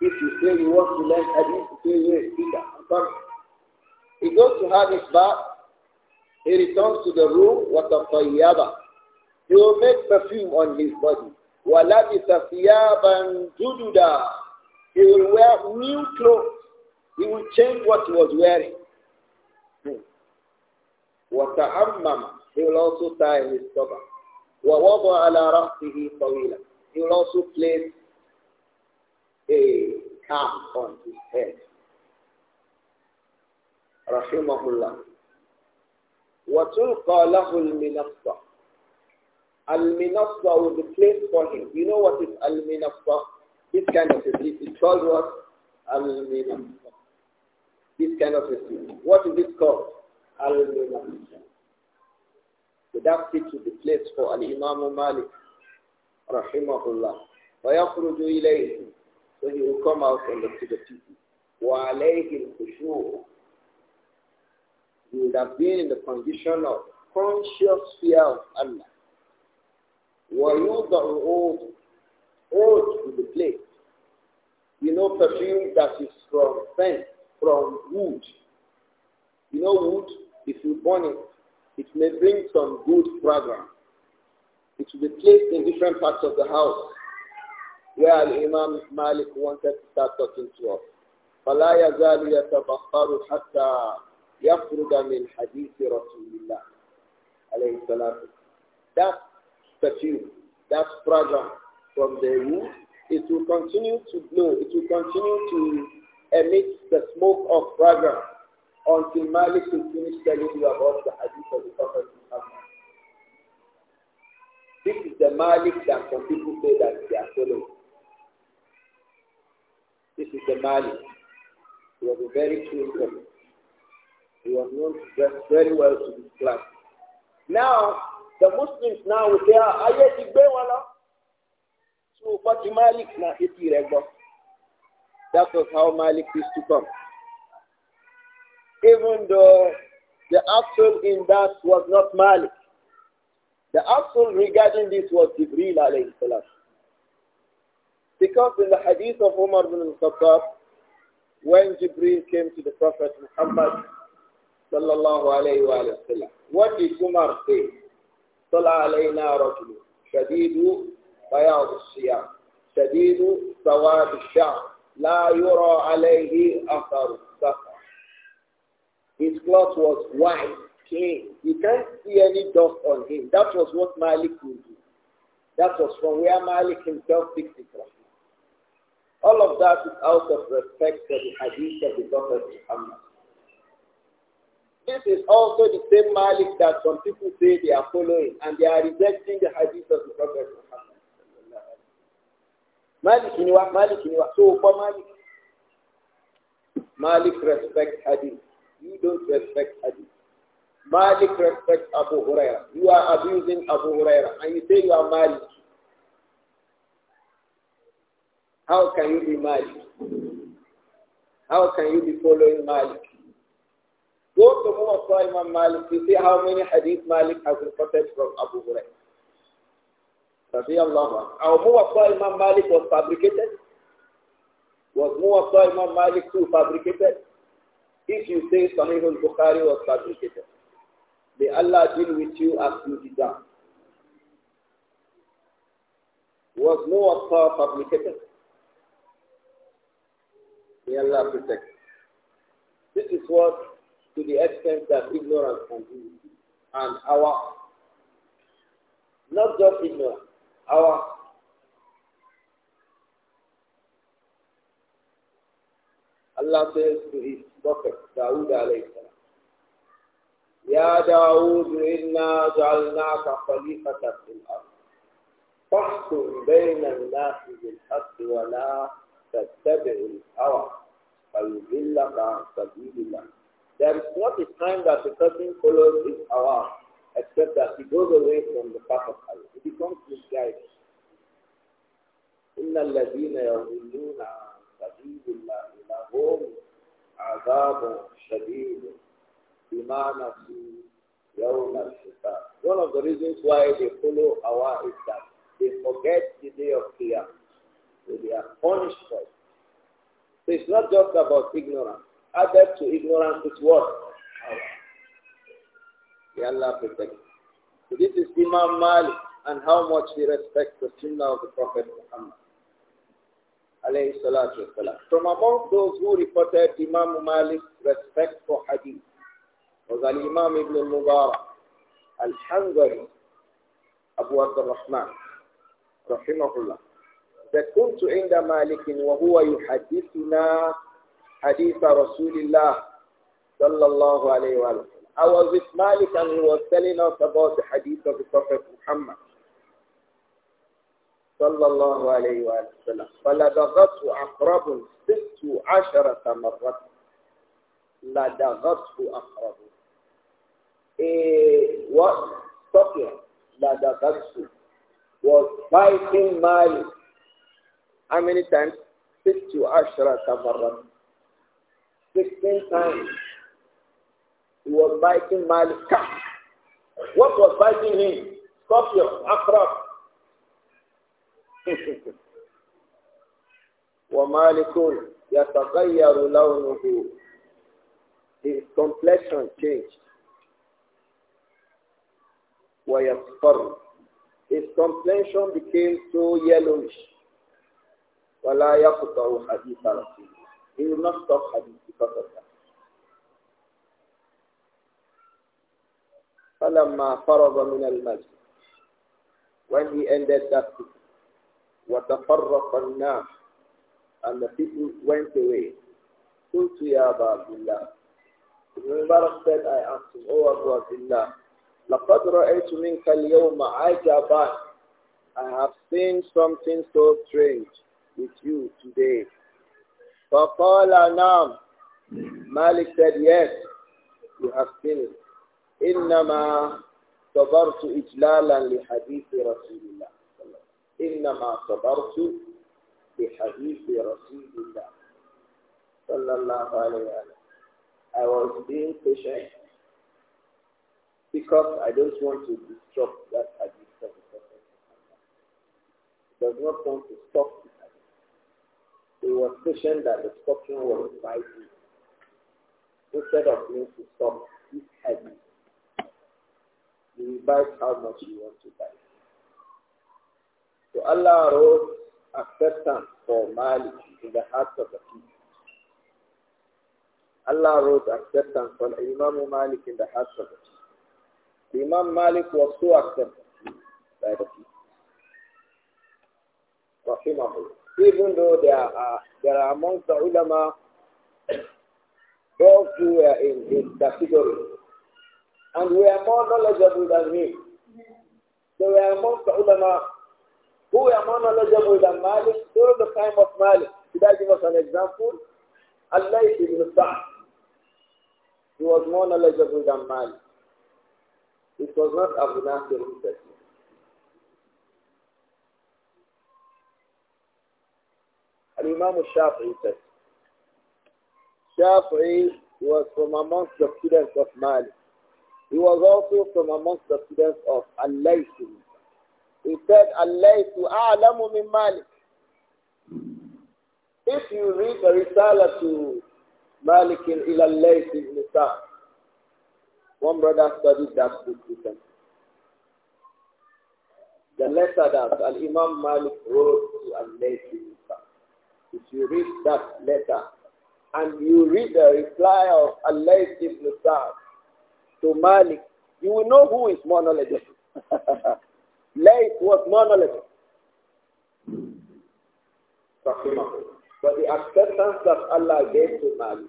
if you say you want to learn hadith, say, wait, sit down. He goes to have his bath. He returns to the room. a وَتَطَيَّبَ He will make perfume on his body. وَلَبِثَ ثِيَابًا جُدُدًا He will wear new clothes. He will change what he was wearing. Hmm. وَتَعَمَّمَ He will also tie his cover. وَوَضَعَ عَلَى رَأْسِهِ طَوِيلًا He will also place a cap on his head rahimahullah. وَتُلْقَى لَهُ The Al-Minassa will be for him. You know what is Al-Minassa? This kind of a seat. It's called what? Al-Minassa. This kind of a seat. What is it called? al So that seat will be for Al-Imam Malik. Rahimahullah. وَيَخْرُجُ إِلَيْهِ So he will come out and look to the people. وَعَلَيْهِ الْخُشُوعُ would have been in the condition of conscious fear of Allah. وَيُوضَعُ old, old to the place. You know perfume that is from fence, from wood. You know wood, if you burn it, it may bring some good fragrance. It will be placed in different parts of the house where Imam Malik wanted to start talking to us. فَلَا يَزَالُ حَتَّى يخرج من حديث رسول الله عليه السلام that perfume that fragrance from the wood it will continue to blow it will continue to emit the smoke of fragrance until Malik will finish telling you about the hadith of the Prophet Muhammad this is the Malik that some people say that they are following this is the Malik he was a very true prophet he was known to dress very well to his class. Now, the Muslims now they say, Aye, ti So, but Malik na iti regba." That was how Malik used to come. Even though the actual in that was not Malik. The actual regarding this was Jibril alayhi salam. Because in the hadith of Umar bin al-Khattab, when Jibril came to the Prophet Muhammad sallallahu alayhi wa sallam. What did Umar say? Salah alayna rajulu, shadidu bayad siyam, shadidu sawad sham, لا يرى عليه أثر safar. His cloth was white, clean. You can't see any dust on him. That was what Malik would do. That was from where Malik himself picked it from. All of that is out of respect for the hadith of the Prophet Muhammad. This is also the same Malik that some people say they are following and they are rejecting the hadith of the Prophet Muhammad. Malik iniwa, Malik iniwa. So for Malik, Malik respects hadith. You don't respect hadith. Malik respects Abu Huraira. You are abusing Abu Huraira and you say you are Malik. How can you be Malik? How can you be following Malik? Go to Muwatta Imam Malik, you see how many hadith Malik has reported from Abu Hurairah. Our Muwatta Imam Malik was fabricated. Was Muwatta Imam Malik too fabricated? If you say Sahih al-Bukhari was fabricated, may Allah deal with you as you deserve. Was Muwatta fabricated? May Allah protect. This is what to the extent that ignorance can do. And our, not just ignorance, our Allah says to his prophet, Dawood alayhi salam, Ya Dawood, inna ja'alnaka khalifatan fil ardh. فاحكم بين الناس بالحق ولا تتبع الهوى فيضلك عن سبيل الله there is not a time that the person follows his hour, except that he goes away from the path of Allah. He becomes misguided. One of the reasons why they follow our is that they forget the day of prayer. So they are punished for it. So it's not just about ignorance added to ignorance is what? May Allah protect. So this is Imam Malik and how much he respects the Sunnah of the Prophet Muhammad. From among those who reported Imam Malik's respect for hadith was Al-Imam Ibn al-Mubarak, Al-Hangari, Abu Abdurrahman, Rahimahullah. that كنت عند مالك وهو يحدثنا hadith Rasulullah sallallahu alayhi wa I was with Malik and he was telling us about the hadith of the Prophet Muhammad sallallahu alayhi wa sallam. فَلَدَغَتْهُ أَقْرَبٌ سِتُّ عَشَرَةَ مَرَّةً لَدَغَتْهُ أَقْرَبٌ A what? Sufyan لَدَغَتْهُ was fighting Malik. How many times? سِتُّ عَشَرَةَ مَرَّةً 16 times. He was biting Malik. What was biting him? Scorpion, Akrab. ومالك يتغير لونه His complexion changed. ويصفر His complexion became so yellowish. ولا يقطع حديث رسول he will not stop hadith because of that. When he ended that وَتَفَرَّقَ النَّاسِ And the people went away. قُلْتُ يَا أَبَا عَبْدِ Mubarak said, I asked him, O oh, Abu Abdullah, لَقَدْ رَأَيْتُ مِنْكَ الْيَوْمَ عَجَبًا I have seen something so strange with you today. فقال نعم Malik said yes you have seen it إنما صبرت إجلالا لحديث رسول الله إنما صبرت لحديث رسول الله صلى الله عليه وسلم I was being patient because I don't want to disrupt that hadith of Does not want to stop he was patient that the scorpion was biting. Instead of me to stop this heavy, you how much he want to bite. So Allah wrote acceptance for Malik in the hearts of the people. Allah wrote acceptance for Imam Malik in the hearts of the people. The Imam Malik was so accepted by the people. Rahimahullah even though there are, there are amongst the ulama those who were in his category and we are more knowledgeable than him. They are amongst the ulama who were more knowledgeable than Malik during the time of Malik. Did I give us an example? Allah ibn sa He was more knowledgeable than Malik. It was not Abu Nasir who said imam Shafi'i said. Shafi'i was from amongst the students of Malik. He was also from amongst the students of Al-Laythi. He said, Al-Laythu a'lamu min Malik. If you read the Risala to Malik ila Al-Laythi ibn one brother studied that book with him. The letter that Al-Imam Malik wrote to Al-Laythi if you read that letter and you read the reply of Allah ibn Sa'd to Malik, you will know who is more knowledgeable. Late was more knowledgeable. But the acceptance that Allah gave to Malik,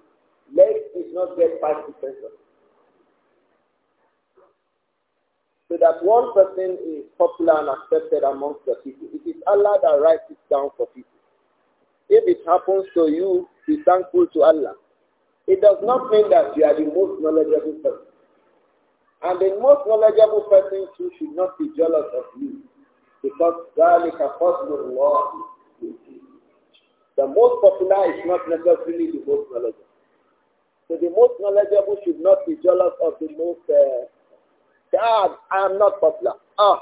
Late did not get past the test. so that one person is popular and accepted amongst the people. It is Allah that writes it down for people. If it happens to you, be thankful to Allah. It does not mean that you are the most knowledgeable person. And the most knowledgeable person too should not be jealous of you. Because ذَلِكَ فَضْلُ اللَّهِ The most popular is not necessarily the most knowledgeable. So the most knowledgeable should not be jealous of the most, uh, God, I am not popular. Ah,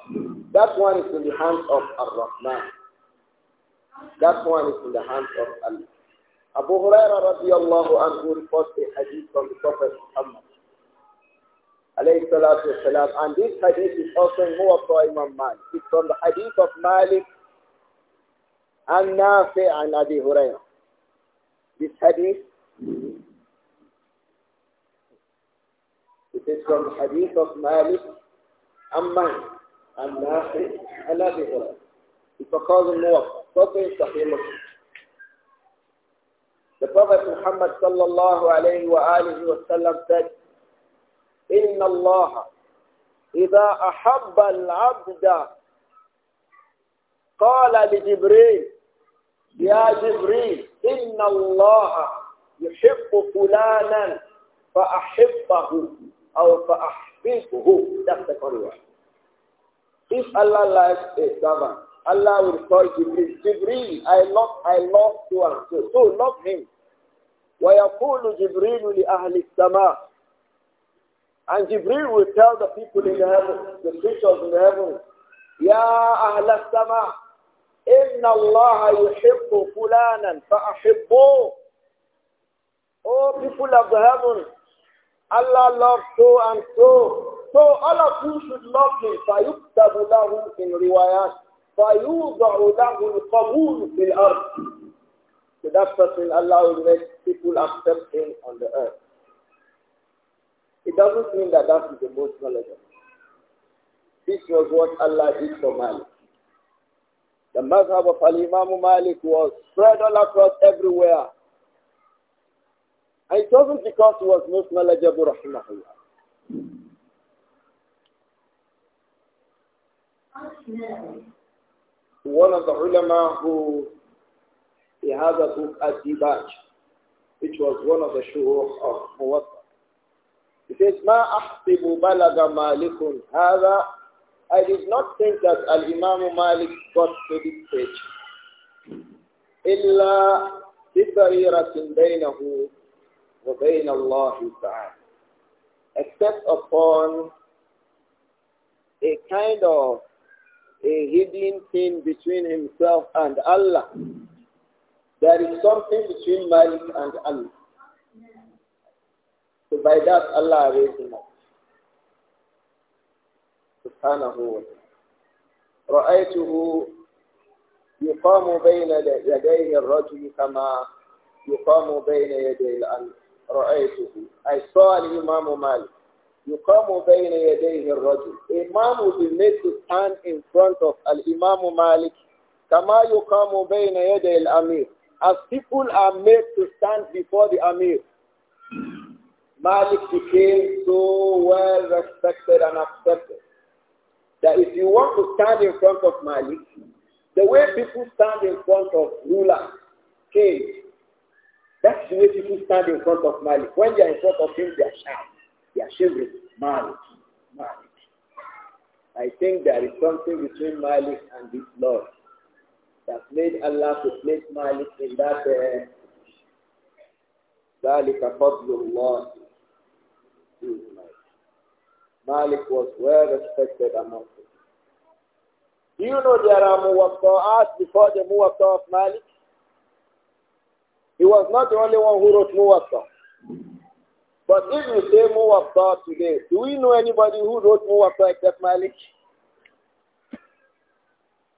that one is in the hands of Ar-Rahman. That one is in the hands of Allah. Abu Huraira radiallahu anhu reports a hadith from the Prophet Muhammad. Alayhi salatu wasalam. And this hadith is also in Muwatta Imam Malik. It's from the hadith of Malik and Nafi and Abi Huraira. This hadith It is from the hadith of Malik and Malik and Nafi and Abi Huraira. It's because of Muwatta. فصل صحيح مسلم لفظة محمد صلى الله عليه وآله وسلم said إن الله إذا أحب العبد قال لجبريل يا جبريل إن الله يحب فلانا فأحبه أو فأحببه. فأحبه دفت قرية إف الله لا يسأل Allah will call Jibril, Jibril, I love, I love you and so. So love him. وَيَقُولُ جِبْرِيلُ لِأَهْلِ السَّمَاءِ And Jibril will tell the people in the heaven, the creatures in the heaven, يَا أَهْلَ السَّمَاءِ إِنَّ اللَّهَ يُحِبُّ فُلَانًا فَأَحِبُّهُ Oh, people of the heaven, Allah loves so and so. So all of you should love him. فَيُكْتَبُ لَهُ in riwayat. فَيُوضَعُ لَهُ الْقَبُولُ فِي الْأَرْضِ So that person, Allah will make people accept him on the earth. It doesn't mean that that is the most knowledgeable. This was what Allah did for Malik. The mazhab of Al-Imam Malik was spread all across everywhere. And it wasn't because he was most knowledgeable, rahimahullah. One of the ulama who he has a book at Dibaj, which was one of the shuruh of Muwatta. He says, "Ma ahtibu بلغ alikun." hada. I did not think that Al-Imam Malik got to this stage. إلا بسريرة بينه bain Allah Taala." Except upon a kind of a hidden thing between himself and Allah. There is something between Malik and Allah. So by that, Allah raised him up. سبحانه وتعالى رأيته يقام بين يديه الرجل كما يقام بين يدي الأمر رأيته I saw الإمام مالك يقام بين يديه الرجل A man will be made to stand in front of Al-Imam Malik كما يقام بين يدي الأمير As people are made to stand before the Amir Malik became so well respected and accepted that if you want to stand in front of Malik, the way people stand in front of ruler, king, that's the way people stand in front of Malik. When they are in front of him, they are shy. Yashiri, marriage. Marriage. I think there is something between Malik and this Lord that made Allah to place Malik in that uh, ذلك Malik was well respected among them. Do you know there are muwatta'at before the muwatta of Malik? He was not the only one who wrote muwatta. But if you say Muwatta today, do we know anybody who wrote Muwatta except Malik?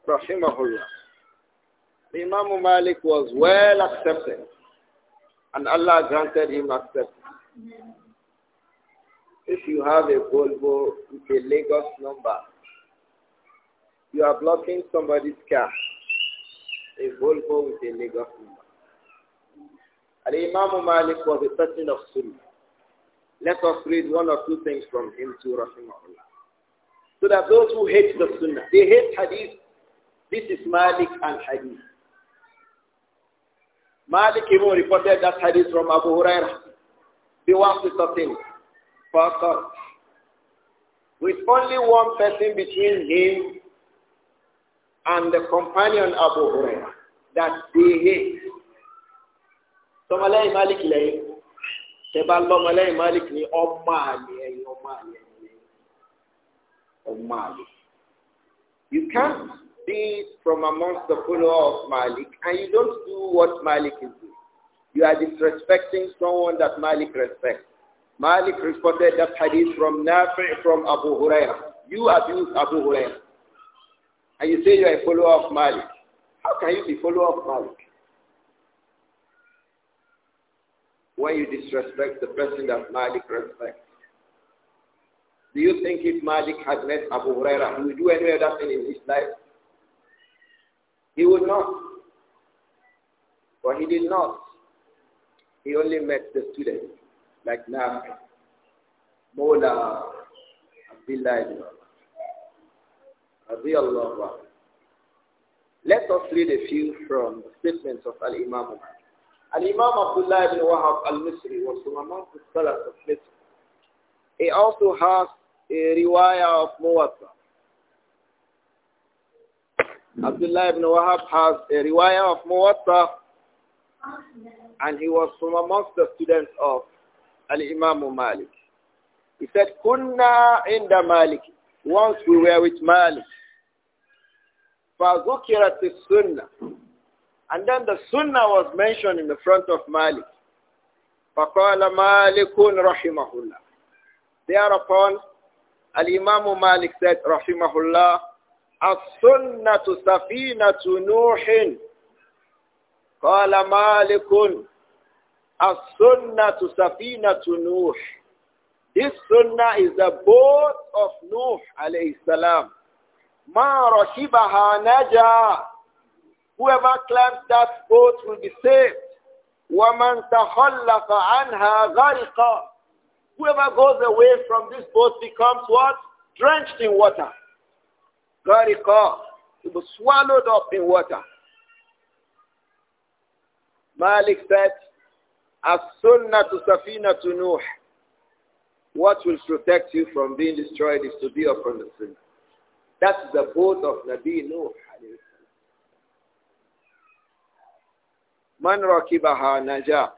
Rahimahullah. Imam Malik was well accepted. And Allah granted him acceptance. If you have a Volvo with a Lagos number, you are blocking somebody's car. A Volvo with a Lagos number. And Imam Malik was a person of Sunnah. Let us read one or two things from him to Rahimahullah. So that those who hate the Sunnah, they hate Hadith. This is Malik and Hadith. Malik even reported that Hadith from Abu Huraira. He one to something. Faqat. With only one person between him and the companion Abu Huraira that they hate. So Malay Malik Lay lọ́mọ lẹ́yìn malik ní ọmọ àlè ẹ̀yìn ọmọ àlè ẹ̀yìn ọmọ àlè. You can't be from amongst the followers of Malik and you don't do what Malik is doing. You are disrespecting someone that Malik respects. Malik reported that hadith from Nafi from Abu Huraira. You abuse Abu Huraira. And you say you are a follower of Malik. How can you be follower of Malik? when you disrespect the person that Malik respects? Do you think if Malik had met Abu Huraira, he would do any other thing in his life? He would not. But he did not. He only met the students, like Nafi, Mola, Abdullah, Let us read a few from the statements of Al-Imam Al-Imam Abdullah ibn Wahab al-Misri was from amongst the scholars of Misr. He also has a riwayah of Muwatta. Abdullah ibn Wahab has a riwayah of Muwatta and he was from amongst the students of Al-Imam Malik. He said, Kunna inda Malik. Once we were with Malik. فذكرت السنة and then the sunnah was mentioned in the front of Malik. فَقَالَ مَالِكٌ رَحِمَهُ اللَّهِ Thereupon, Al-Imam Malik said, رحمه الله, السنة سفينة نوح قال مالك السنة سفينة نوح This sunnah is the boat of Nuh alayhi salam. ما ركبها نَجَى. Whoever climbs that boat will be saved. وَمَنْ تَخَلَّفَ عَنْهَا غَرِقًا Whoever goes away from this boat becomes what? Drenched in water. غَرِقًا He was swallowed up in water. Malik said, السنة سفينة نوح. What will protect you from being destroyed is to be upon the sunnah. That's the boat of Nabi Nuh. Man rakibaha naja.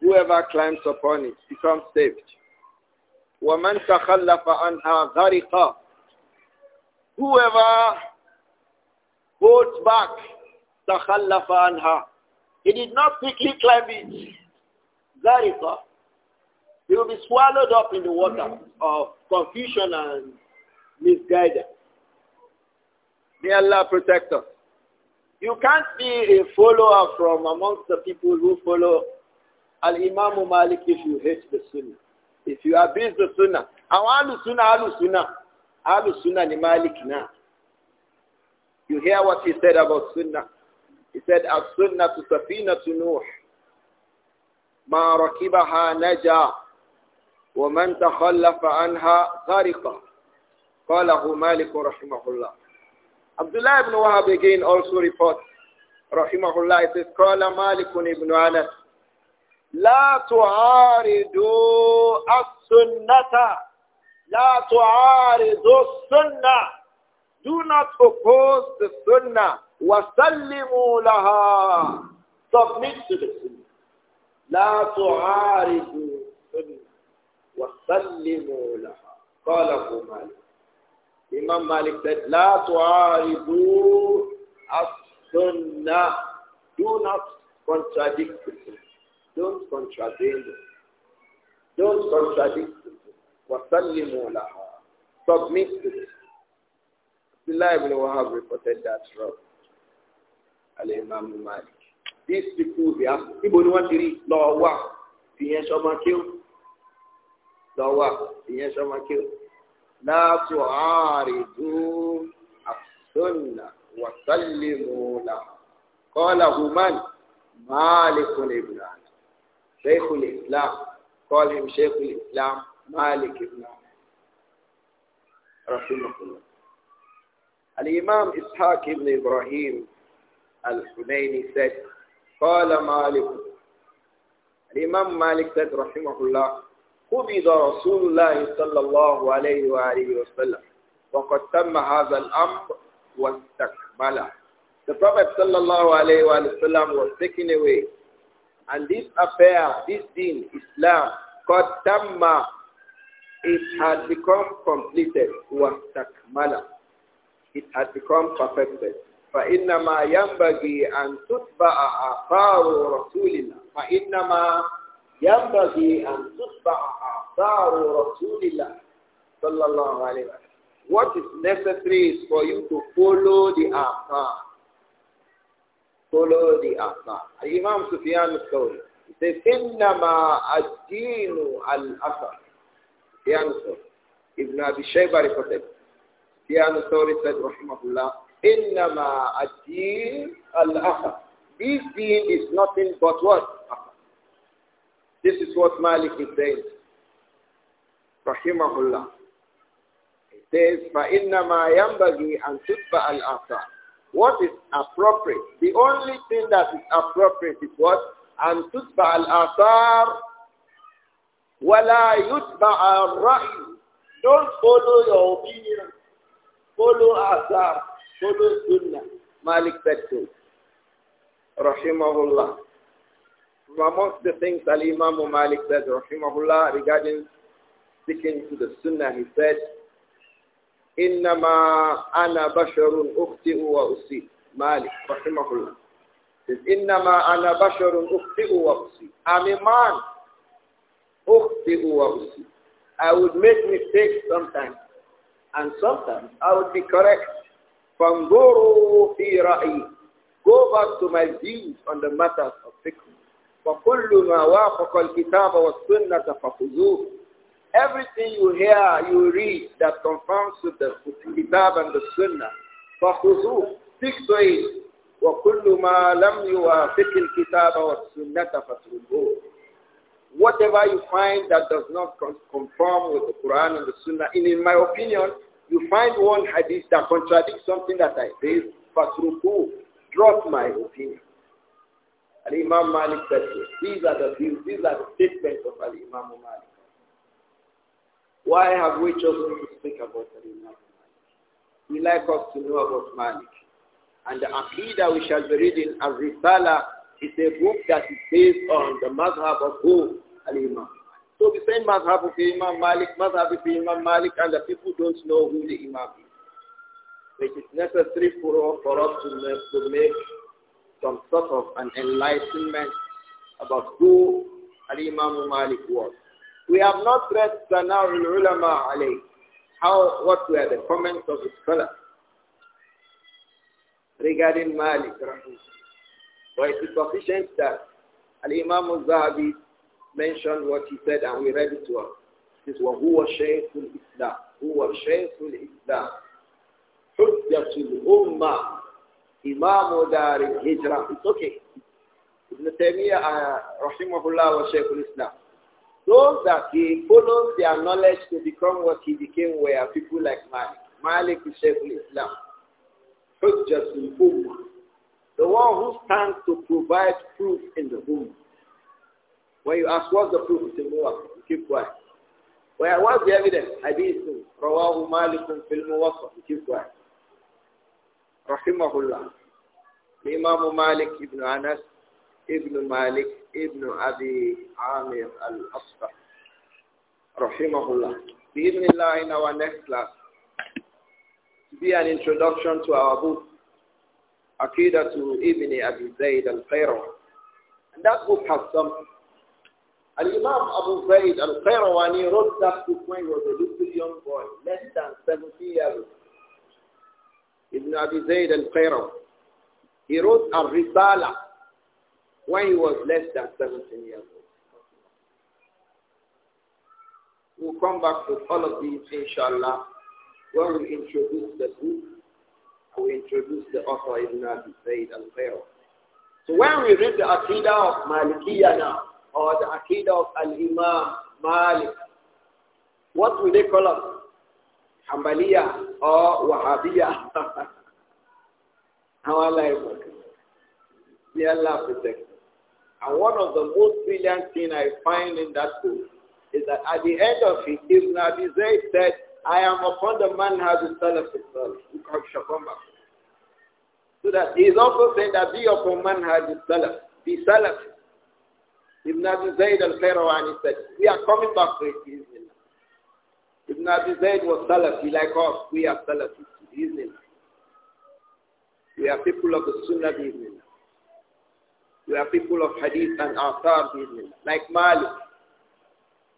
Whoever climbs upon it becomes saved. وَمَنْ تَخَلَّفَ عَنْهَا غَرِقَ Whoever holds back تَخَلَّفَ عَنْهَا He did not quickly climb it. غَرِقَ He will be swallowed up in the water of confusion and misguidance. May Allah protect us. You can't be a follower from amongst the people who follow Al-Imam Malik if you hate the Sunnah. If you abuse the Sunnah. I Sunnah, alùsùnà Sunnah, ni Malik now. You hear what he said about Sunnah. He said, As-Sunnah to Safina to Nuh. ما ركبها نجا ومن تخلف عنها غرق قاله مالك رحمه الله Abdullah ibn Wahab again also reports, rahimahullah, it says, قال Malikun ibn Anas, La tu'aridu as-sunnata, La tu'aridu as السنة Do not oppose the sunnah. sallimu laha, Submit to the sunnah. as تعارضوا Wa sallimu laha, قاله Malik. Imam Malik said, La tu'aridu as-sunnah. Do not contradict the Don't contradict it. Don't contradict it. وَسَلِّمُوا لَهَا Submit to it. Abdullah ibn Wahab reported that from Al-Imam Malik. These people, they are, ibo ni wọ́n ti rí lọ́wọ́ wa, ìyẹn sọmọ kí ó. Lọ́wọ́ wa, ìyẹn sọmọ kí لا تعارضوا السنة وسلموا لها قاله من؟ مالك بن شيخ الإسلام قالهم شيخ الإسلام مالك بن رحمه الله الإمام إسحاق بن إبراهيم الحنيني said قال مالك الإمام مالك said رحمه الله The Prophet sallallahu alayhi was taken away. And this affair, this deen, Islam, God tamma, it had become completed. Was takmala. It had become perfected. فَإِنَّمَا يَنْبَغِي أَنْ تُتْبَعَ أَفَارُ رَسُولِنَا فَإِنَّمَا يَنْبَغِي أَنْ تُتْبَعَ what is necessary is for you to follow the Athar. Follow the Athar. Imam Sufyan al-Thawri, he says, إِنَّمَا الدِّينُ الْأَثَرِ Sufyan al-Thawri, Ibn Abi Shaybah reported, Sufyan al said, rahimahullah, This deen is nothing but what? This is what Malik is saying rahimahullah. It says, فَإِنَّمَا يَنْبَغِي أَنْ تُتْبَعَ الْآثَارِ What is appropriate? The only thing that is appropriate is what? أَنْ تُتْبَعَ الْآثَارِ وَلَا يُتْبَعَ الرَّأْيُ Don't follow your opinion. Follow Azhar. Follow Sunnah. Malik said so. Rahimahullah. From amongst the things that imam Malik said, Rahimahullah, regarding sticking to the sunnah, he said, إنما أنا بشر أخطئ وأصيب مالك رحمه الله says, إنما أنا بشر أخطئ وأصيب I'm a man أخطئ وأصيب I would make mistakes sometimes and sometimes I would be correct فانظروا في رأيي Go back to my views on the matters of fiqh فكل ما وافق الكتاب والسنة فخذوه Everything you hear, you read that conforms to the Kitab and the Sunnah, فخذوه stick to it. وكل ما لم يوافق الكتاب والسنة فاتركوه. Whatever you find that does not conform with the Quran and the Sunnah, and in my opinion, you find one hadith that contradicts something that I said, فاتركوه. Drop my opinion. Al-Imam Malik said, these are the views, these are the statements of Al-Imam Malik. Why have we chosen to speak about Imam Malik? We like us to know about Malik. And the Aqidah we shall be reading as Risala is a book that is based on the Mazhab of who? Al-Imam. So the same Mazhab of Imam Malik, Mazhab of Imam Malik, and the people don't know who the Imam is. It is necessary for, for us to make, to make some sort of an enlightenment about who Al-Imam Malik was. We have not read Sana'ul Ulama alayh. How, what were the comments of the scholar regarding Malik But it is sufficient that Al-Imam al mentioned what he said and we read it to us. This is وَهُوَ شَيْخُ الْإِسْلَامِ هُوَ شَيْخُ الْإِسْلَامِ حُجَّةُ الْأُمَّةِ إِمَامُ دَارِ الْهِجْرَةِ It's okay. Ibn Taymiyyah, uh, rahimahullah, was Shaykhul islam those that he follows their knowledge to become what he became were people like Malik. Malik is Shaykhul just in Ummah. The one who stands to provide proof in the Ummah. When you ask what's the proof, you say, you keep quiet. Well, what's the evidence? Hadith, Rawahu Malikun fil Muwaffaq, keep quiet. Rahimahullah. Imam Malik ibn Anas Ibn Malik Ibn Abi Amir Al-Asfah. Rahimahullah. in our next class. To be an introduction to our book, Aqidah to Ibn Abi Zaid Al-Qayrawan. And that book has some Al-Imam Abu Zaid Al-Qayrawani wrote that book when he was a little young boy, less than 70 years old. Ibn Abi Zaid Al-Qayraw. He wrote a Risala, when he was less than 17 years old. We'll come back with all of these, inshallah, when we introduce the book and we introduce the author, Ibn Abi as al So when we read the Aqidah of Malikiya now, or the Aqidah of Al-Imam Malik, what will they call us? Hanbaliya or Wahhabiya? How Allah is May Allah protect and one of the most brilliant thing I find in that book is that at the end of it, Ibn Abi said, I am upon the man who has salaf itself, who shall come back. So that he is also saying that be upon man has salaf, be salaf. Ibn Abi Zayd al said, we are coming back to it, Ibn Abi Zayd was He like us, we are Salaf. We are people of the Sunnah, is we are people of hadith and athar business, like Malik.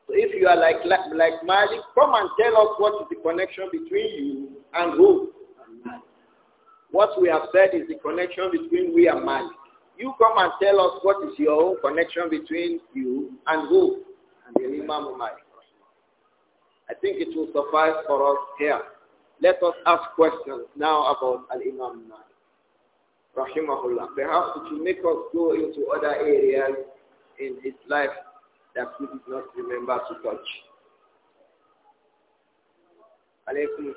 So if you are like, like, like Malik, come and tell us what is the connection between you and who? What we have said is the connection between we and Malik. You come and tell us what is your own connection between you and who? And the Imam Malik. I think it will suffice for us here. Let us ask questions now about Al-Imam Malik rahimahullah. Perhaps it will make us go into other areas in his life that we did not remember to touch.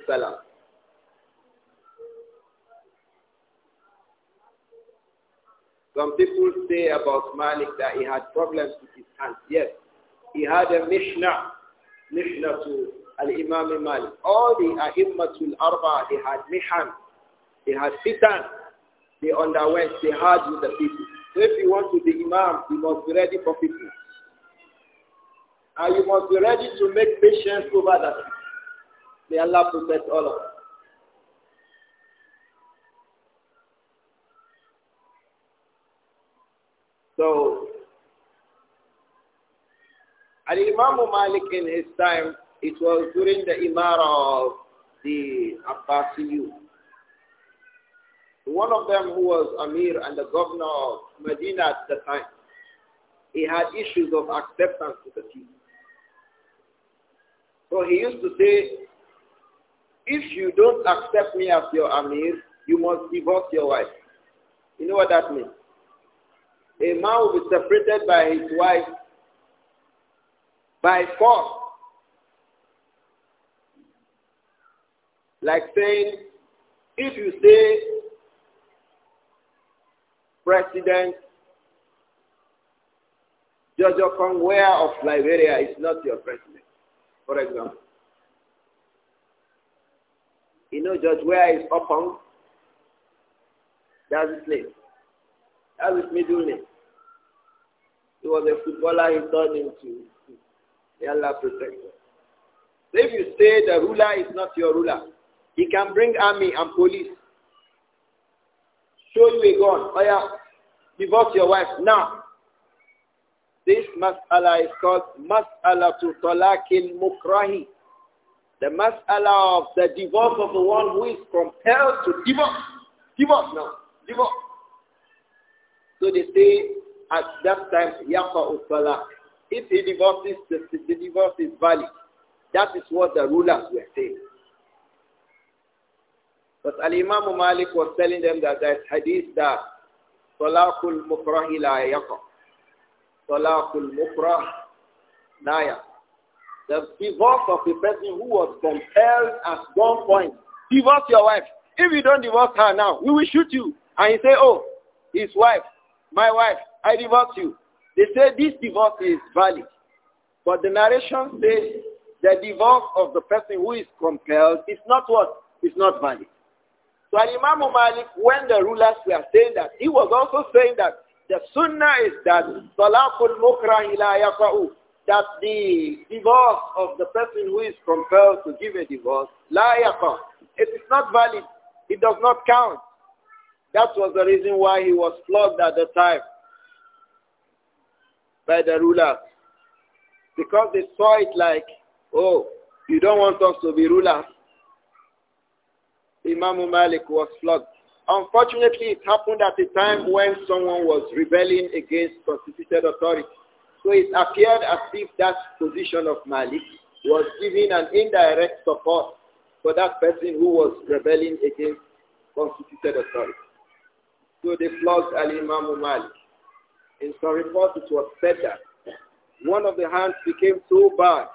salam. Some people say about Malik that he had problems with his hands. Yes, he had a Mishnah, Mishnah to Al-Imam Malik. All the A'immatul Arba, he had Mihan, he had Fitan, they underwent, they had with the people. So if you want to be imam, you must be ready for people. And you must be ready to make patience over that. May Allah protect all of us. So, and Imam Malik in his time, it was during the Imara of the Abbasiyun. One of them who was Amir and the governor of Medina at the time, he had issues of acceptance with the people. So he used to say, if you don't accept me as your Amir, you must divorce your wife. You know what that means? A man will be separated by his wife by force. Like saying, if you say president, George Kongwea of Liberia is not your president, for example. You know George Wea is Opong? That's his name. That's his middle name. He was a footballer he turned into. a Allah protector. So if you say the ruler is not your ruler, he can bring army and police. Show you a gun. Oh yeah, divorce your wife now. This mas'ala is called mas'ala to talakil mukrahi. The mas'ala of the divorce of the one who is compelled to divorce. Divorce now. Divorce. So they say at that time, yaqa'u talak. If he divorces, the, the divorce is valid. That is what the rulers were saying. But Al-Imam Malik was telling them that that hadith that Talaqul mukrahi la yaqa. Talaqul mukrah la yaqa. The divorce of a person who was compelled at one point. Divorce your wife. If you don't divorce her now, we will shoot you. And you say, oh, his wife, my wife, I divorce you. They say this divorce is valid. But the narration says the divorce of the person who is compelled is not what? It's not valid. So Imam Malik, when the rulers were saying that, he was also saying that the sunnah is that talaqul mukra ila yaqa'u, that the divorce of the person who is compelled to give a divorce, la yaqa', it is not valid. It does not count. That was the reason why he was flogged at the time by the rulers. Because they saw it like, oh, you don't want us to be rulers. Imam Malik was flogged. Unfortunately, it happened at a time when someone was rebelling against constituted authority. So it appeared as if that position of Malik was giving an indirect support for that person who was rebelling against constituted authority. So they flogged Al-Imam Malik. In some reports, it was said that one of the hands became so bad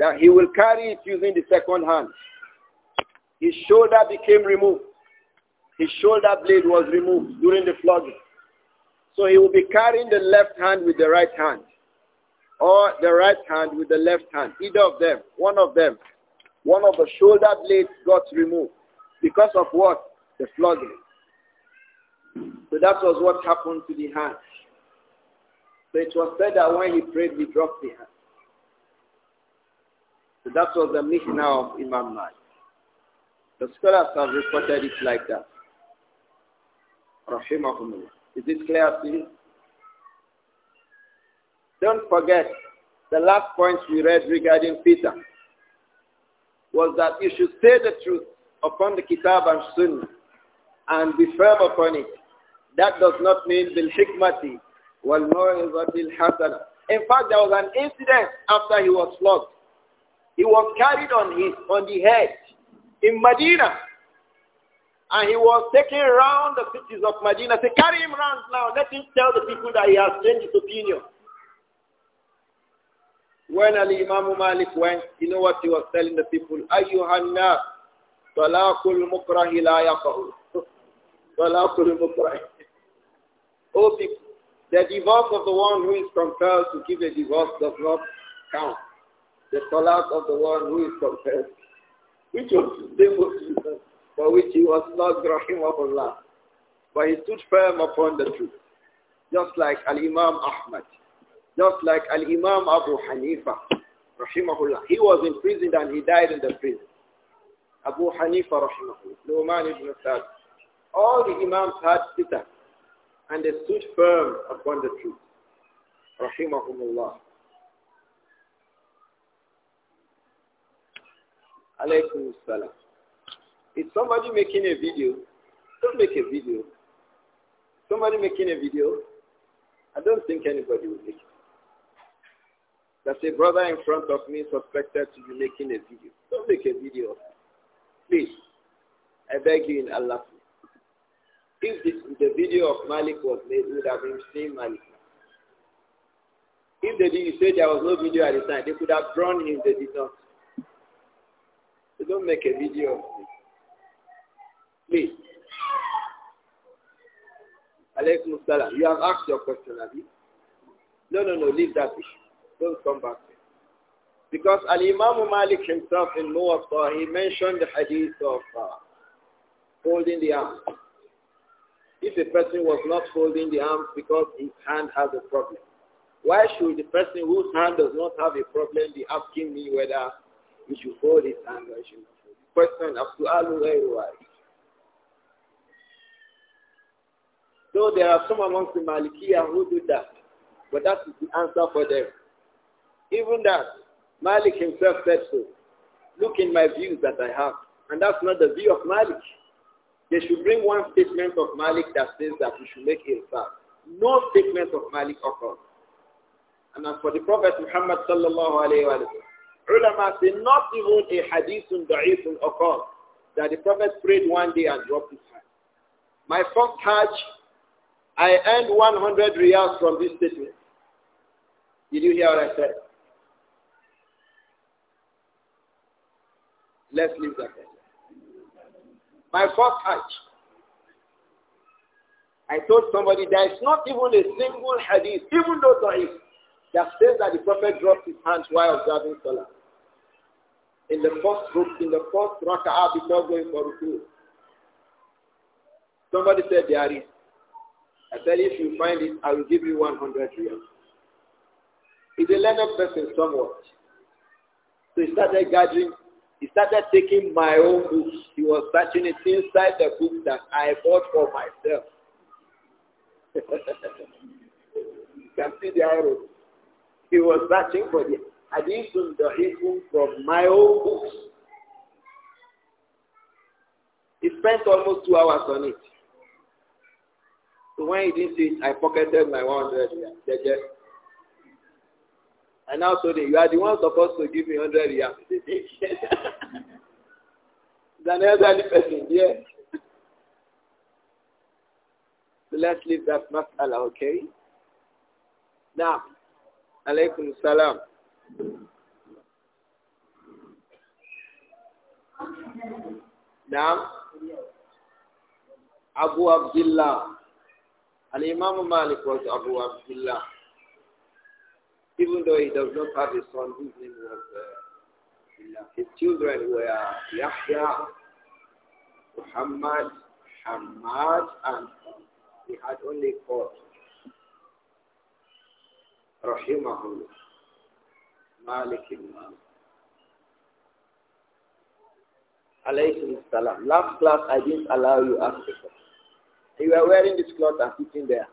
that he will carry it using the second hand. His shoulder became removed. His shoulder blade was removed during the flogging. So he will be carrying the left hand with the right hand or the right hand with the left hand. Either of them, one of them. One of the shoulder blades got removed because of what? The flogging. So that was what happened to the hand. So it was said that when he prayed, he dropped the hand. So that was the mission of Imam Malik. The scholars have reported it like that. Is it clear to you? Don't forget, the last point we read regarding Peter was that you should say the truth upon the Kitab and Sunnah and be firm upon it. That does not mean bil hikmati wal bil hasana. In fact, there was an incident after he was flogged. He was carried on his on the head in Medina. And he was taking around the cities of Medina. Say, carry him around now. Let him tell the people that he has changed his opinion. When Ali Imam Malik went, you know what he was telling the people? Ayyuhannas, talaqul mukrahi la yaqa'u. Talaqul mukrahi. Oh people, the divorce of the one who is compelled to give a divorce does not count. The talaq of the one who is compelled which was sinful for which he was not rahimahullah. But he stood firm upon the truth, just like Al-Imam Ahmad, just like Al-Imam Abu Hanifa, rahimahullah. He was imprisoned and he died in the prison. Abu Hanifa, rahimahullah, Nu'man ibn sa All the Imams had fitan, and they stood firm upon the truth, rahimahullah. If salam. Is somebody making a video? Don't make a video. Somebody making a video? I don't think anybody will make it. There's a brother in front of me suspected to be making a video. Don't make a video. Please. I beg you in Allah. If this, the video of Malik was made, we would have been seeing Malik. If they did, you say there was no video at the time, they could have drawn him, they did not don't make a video of me. Please. Alaykum You have asked your question, No, no, no, leave that issue. Don't come back. Because Al-Imam Malik himself in Muwatta, he mentioned the hadith of uh, holding the arms. If a person was not holding the arms because his hand has a problem, why should the person whose hand does not have a problem be asking me whether we should hold his hand We should not hold to Question after Alu Eriwari. So there are some amongst the Malikia who do that. But that is the answer for them. Even that, Malik himself said so. Look in my views that I have. And that's not the view of Malik. They should bring one statement of Malik that says that we should make a fast. No statement of Malik occurs. And as for the Prophet Muhammad sallallahu alayhi wasallam. Ulama say not even a hadithun da'ifun occurs that the Prophet prayed one day and dropped his hand. My first Hajj, I earned 100 riyals from this statement. Did you hear what I said? Let's leave that. My first Hajj, I told somebody there is not even a single hadith, even though there is, that says that the Prophet dropped his hands while observing Salah in the first group, in the first raka'ah before going for ruku. Somebody said there is. I said if you find it, I will give you 100 riyals. He's a learned person somewhat. So he started gathering, he started taking my own books. He was searching it inside the book that I bought for myself. you can see the arrow. He was searching for the hadithun da'ifun from my own books. He spent almost two hours on it. So when he didn't see it, I pocketed my 100 riyal. And now told you are the one supposed to give me 100 Yeah. He's an elderly person, yeah. So let's leave that mas'ala, okay? Now, alaykum salam. Now, Abu Abdullah, الله Imam Malik was Abu Abdullah even though he does not have a son his name was uh, his children were Yahya Muhammad Hamad and he had only four rahimahullah Malik ibn Alaykum salam. Last class I didn't allow you ask the question. You were wearing this cloth and sitting there.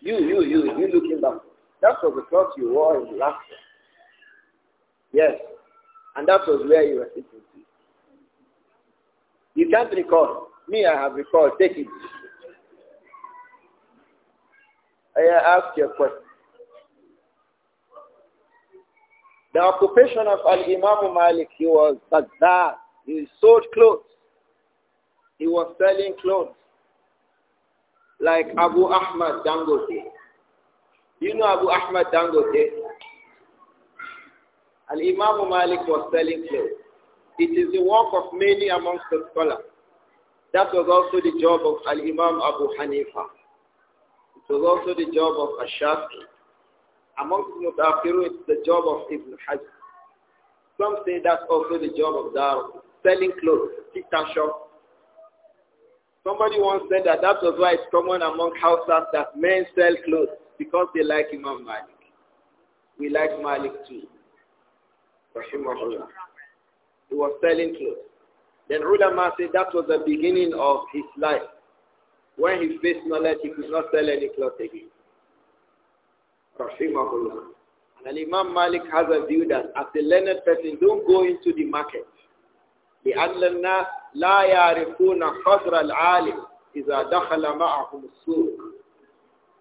You, you, you, you looking back. That was the cloth you wore in the last class. Yes. And that was where you were sitting. You can't recall. Me, I have recalled. Take it. I ask your question. The occupation of Al-Imam Malik, he was Baghdad. He sold clothes. He was selling clothes. Like Abu Ahmad Dangote. You know Abu Ahmad Dangote? Al-Imam Malik was selling clothes. It is the work of many amongst the scholars. That was also the job of Al-Imam Abu Hanifa. It was also the job of Ashafi. Amongst Mutafirun, it's the job of Ibn Hajj. Some say that's also the job of Dar, selling clothes, tita shop. Somebody once said that that was why it's common among houses that men sell clothes because they like Imam Malik. We like Malik too. Rahimahullah. He was selling clothes. Then Ulama said that was the beginning of his life. When he faced knowledge, he could not sell any clothes again. Rahimahullah. And Imam Malik has a view that as a learned person, don't go into the market. لأن الناس لا يعرفون al alim إذا دخل معهم السوق.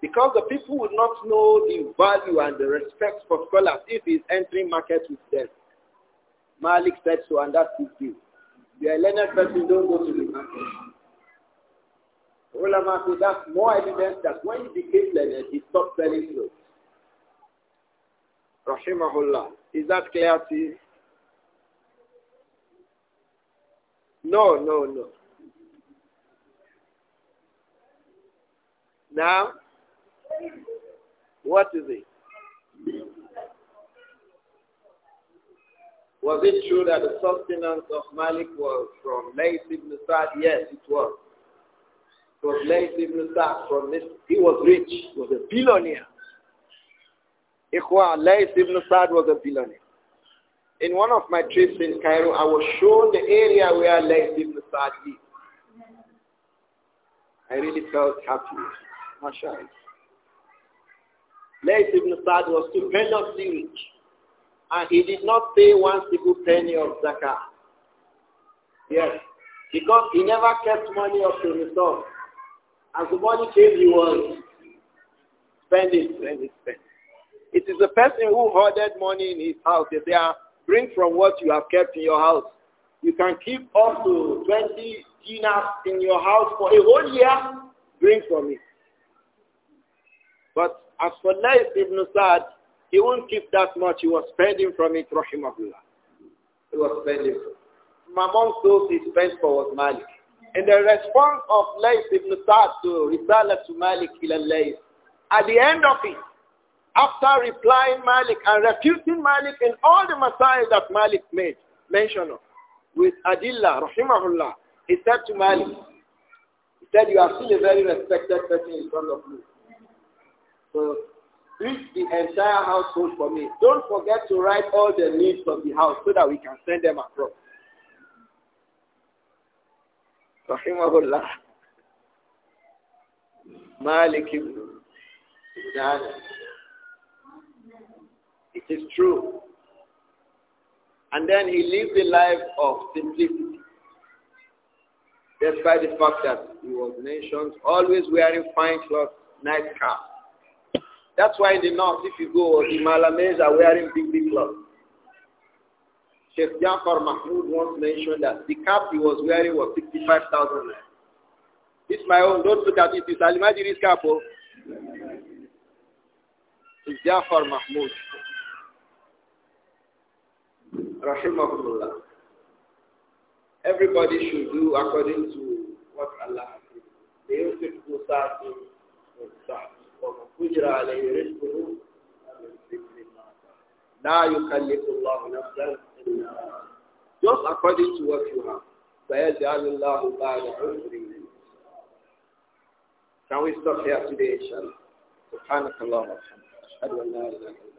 Because the people would not know the value and the respect for scholars if he's entering market with them. Malik said so, and that's his view. The learned person, don't go to the market. Ulama said that's more evidence that when he became learned, he stopped selling clothes. Rahimahullah. Is that clear to you? No, no, no. Now, what is it? Was it true that the sustenance of Malik was from Layth ibn Sa'd? Yes, it was. It was Layth ibn Sa'd from this. He was rich. He was a billionaire. Ikhwan, Lais ibn Saad was a billionaire. In one of my trips in Cairo, I was shown the area where Lais ibn Saad lived. I really felt happy. MashaAllah. Lais ibn Saad was tremendously rich. And he did not pay one single penny of zakah. Yes. Because he never kept money up to himself. As the money came, he was spending, spending, spending. It is the person who hoarded money in his house. They are bring from what you have kept in your house. You can keep up to 20 dinars in your house for a whole year. Bring from it. But as for Lais ibn Sa'd, he won't keep that much. He was spending from it, rahimahullah. He was spending. Among those he spent for was Malik. And the response of Lais ibn Sa'd to Risalah to Malik ila Lais, at the end of it, after replying Malik and refuting Malik in all the masail that Malik made, mention of, with Adillah, rahimahullah, he said to Malik, he said, you are still a very respected person in front of me. So read the entire household for me. Don't forget to write all the needs of the house so that we can send them across. Rahimahullah. Malik ibn Anas. It is true. And then he lived a life of simplicity. Despite the fact that he was nation always wearing fine clothes, nice cap. That's why in the north, if you go, the Malamese are wearing big, big clothes. Sheikh Jafar Mahmoud once mentioned that the cap he was wearing was 65,000 naira. It's my own. Don't look at it. It's Alimajiri's cap. It's Jafar Mahmoud Everybody should do according to what Allah has given. لينفق ساعة من سعته ومن قدر Just according to what you have. Can we stop here today, inshallah? سبحانك اللهم وبحمدك أشهد أن لا إله إلا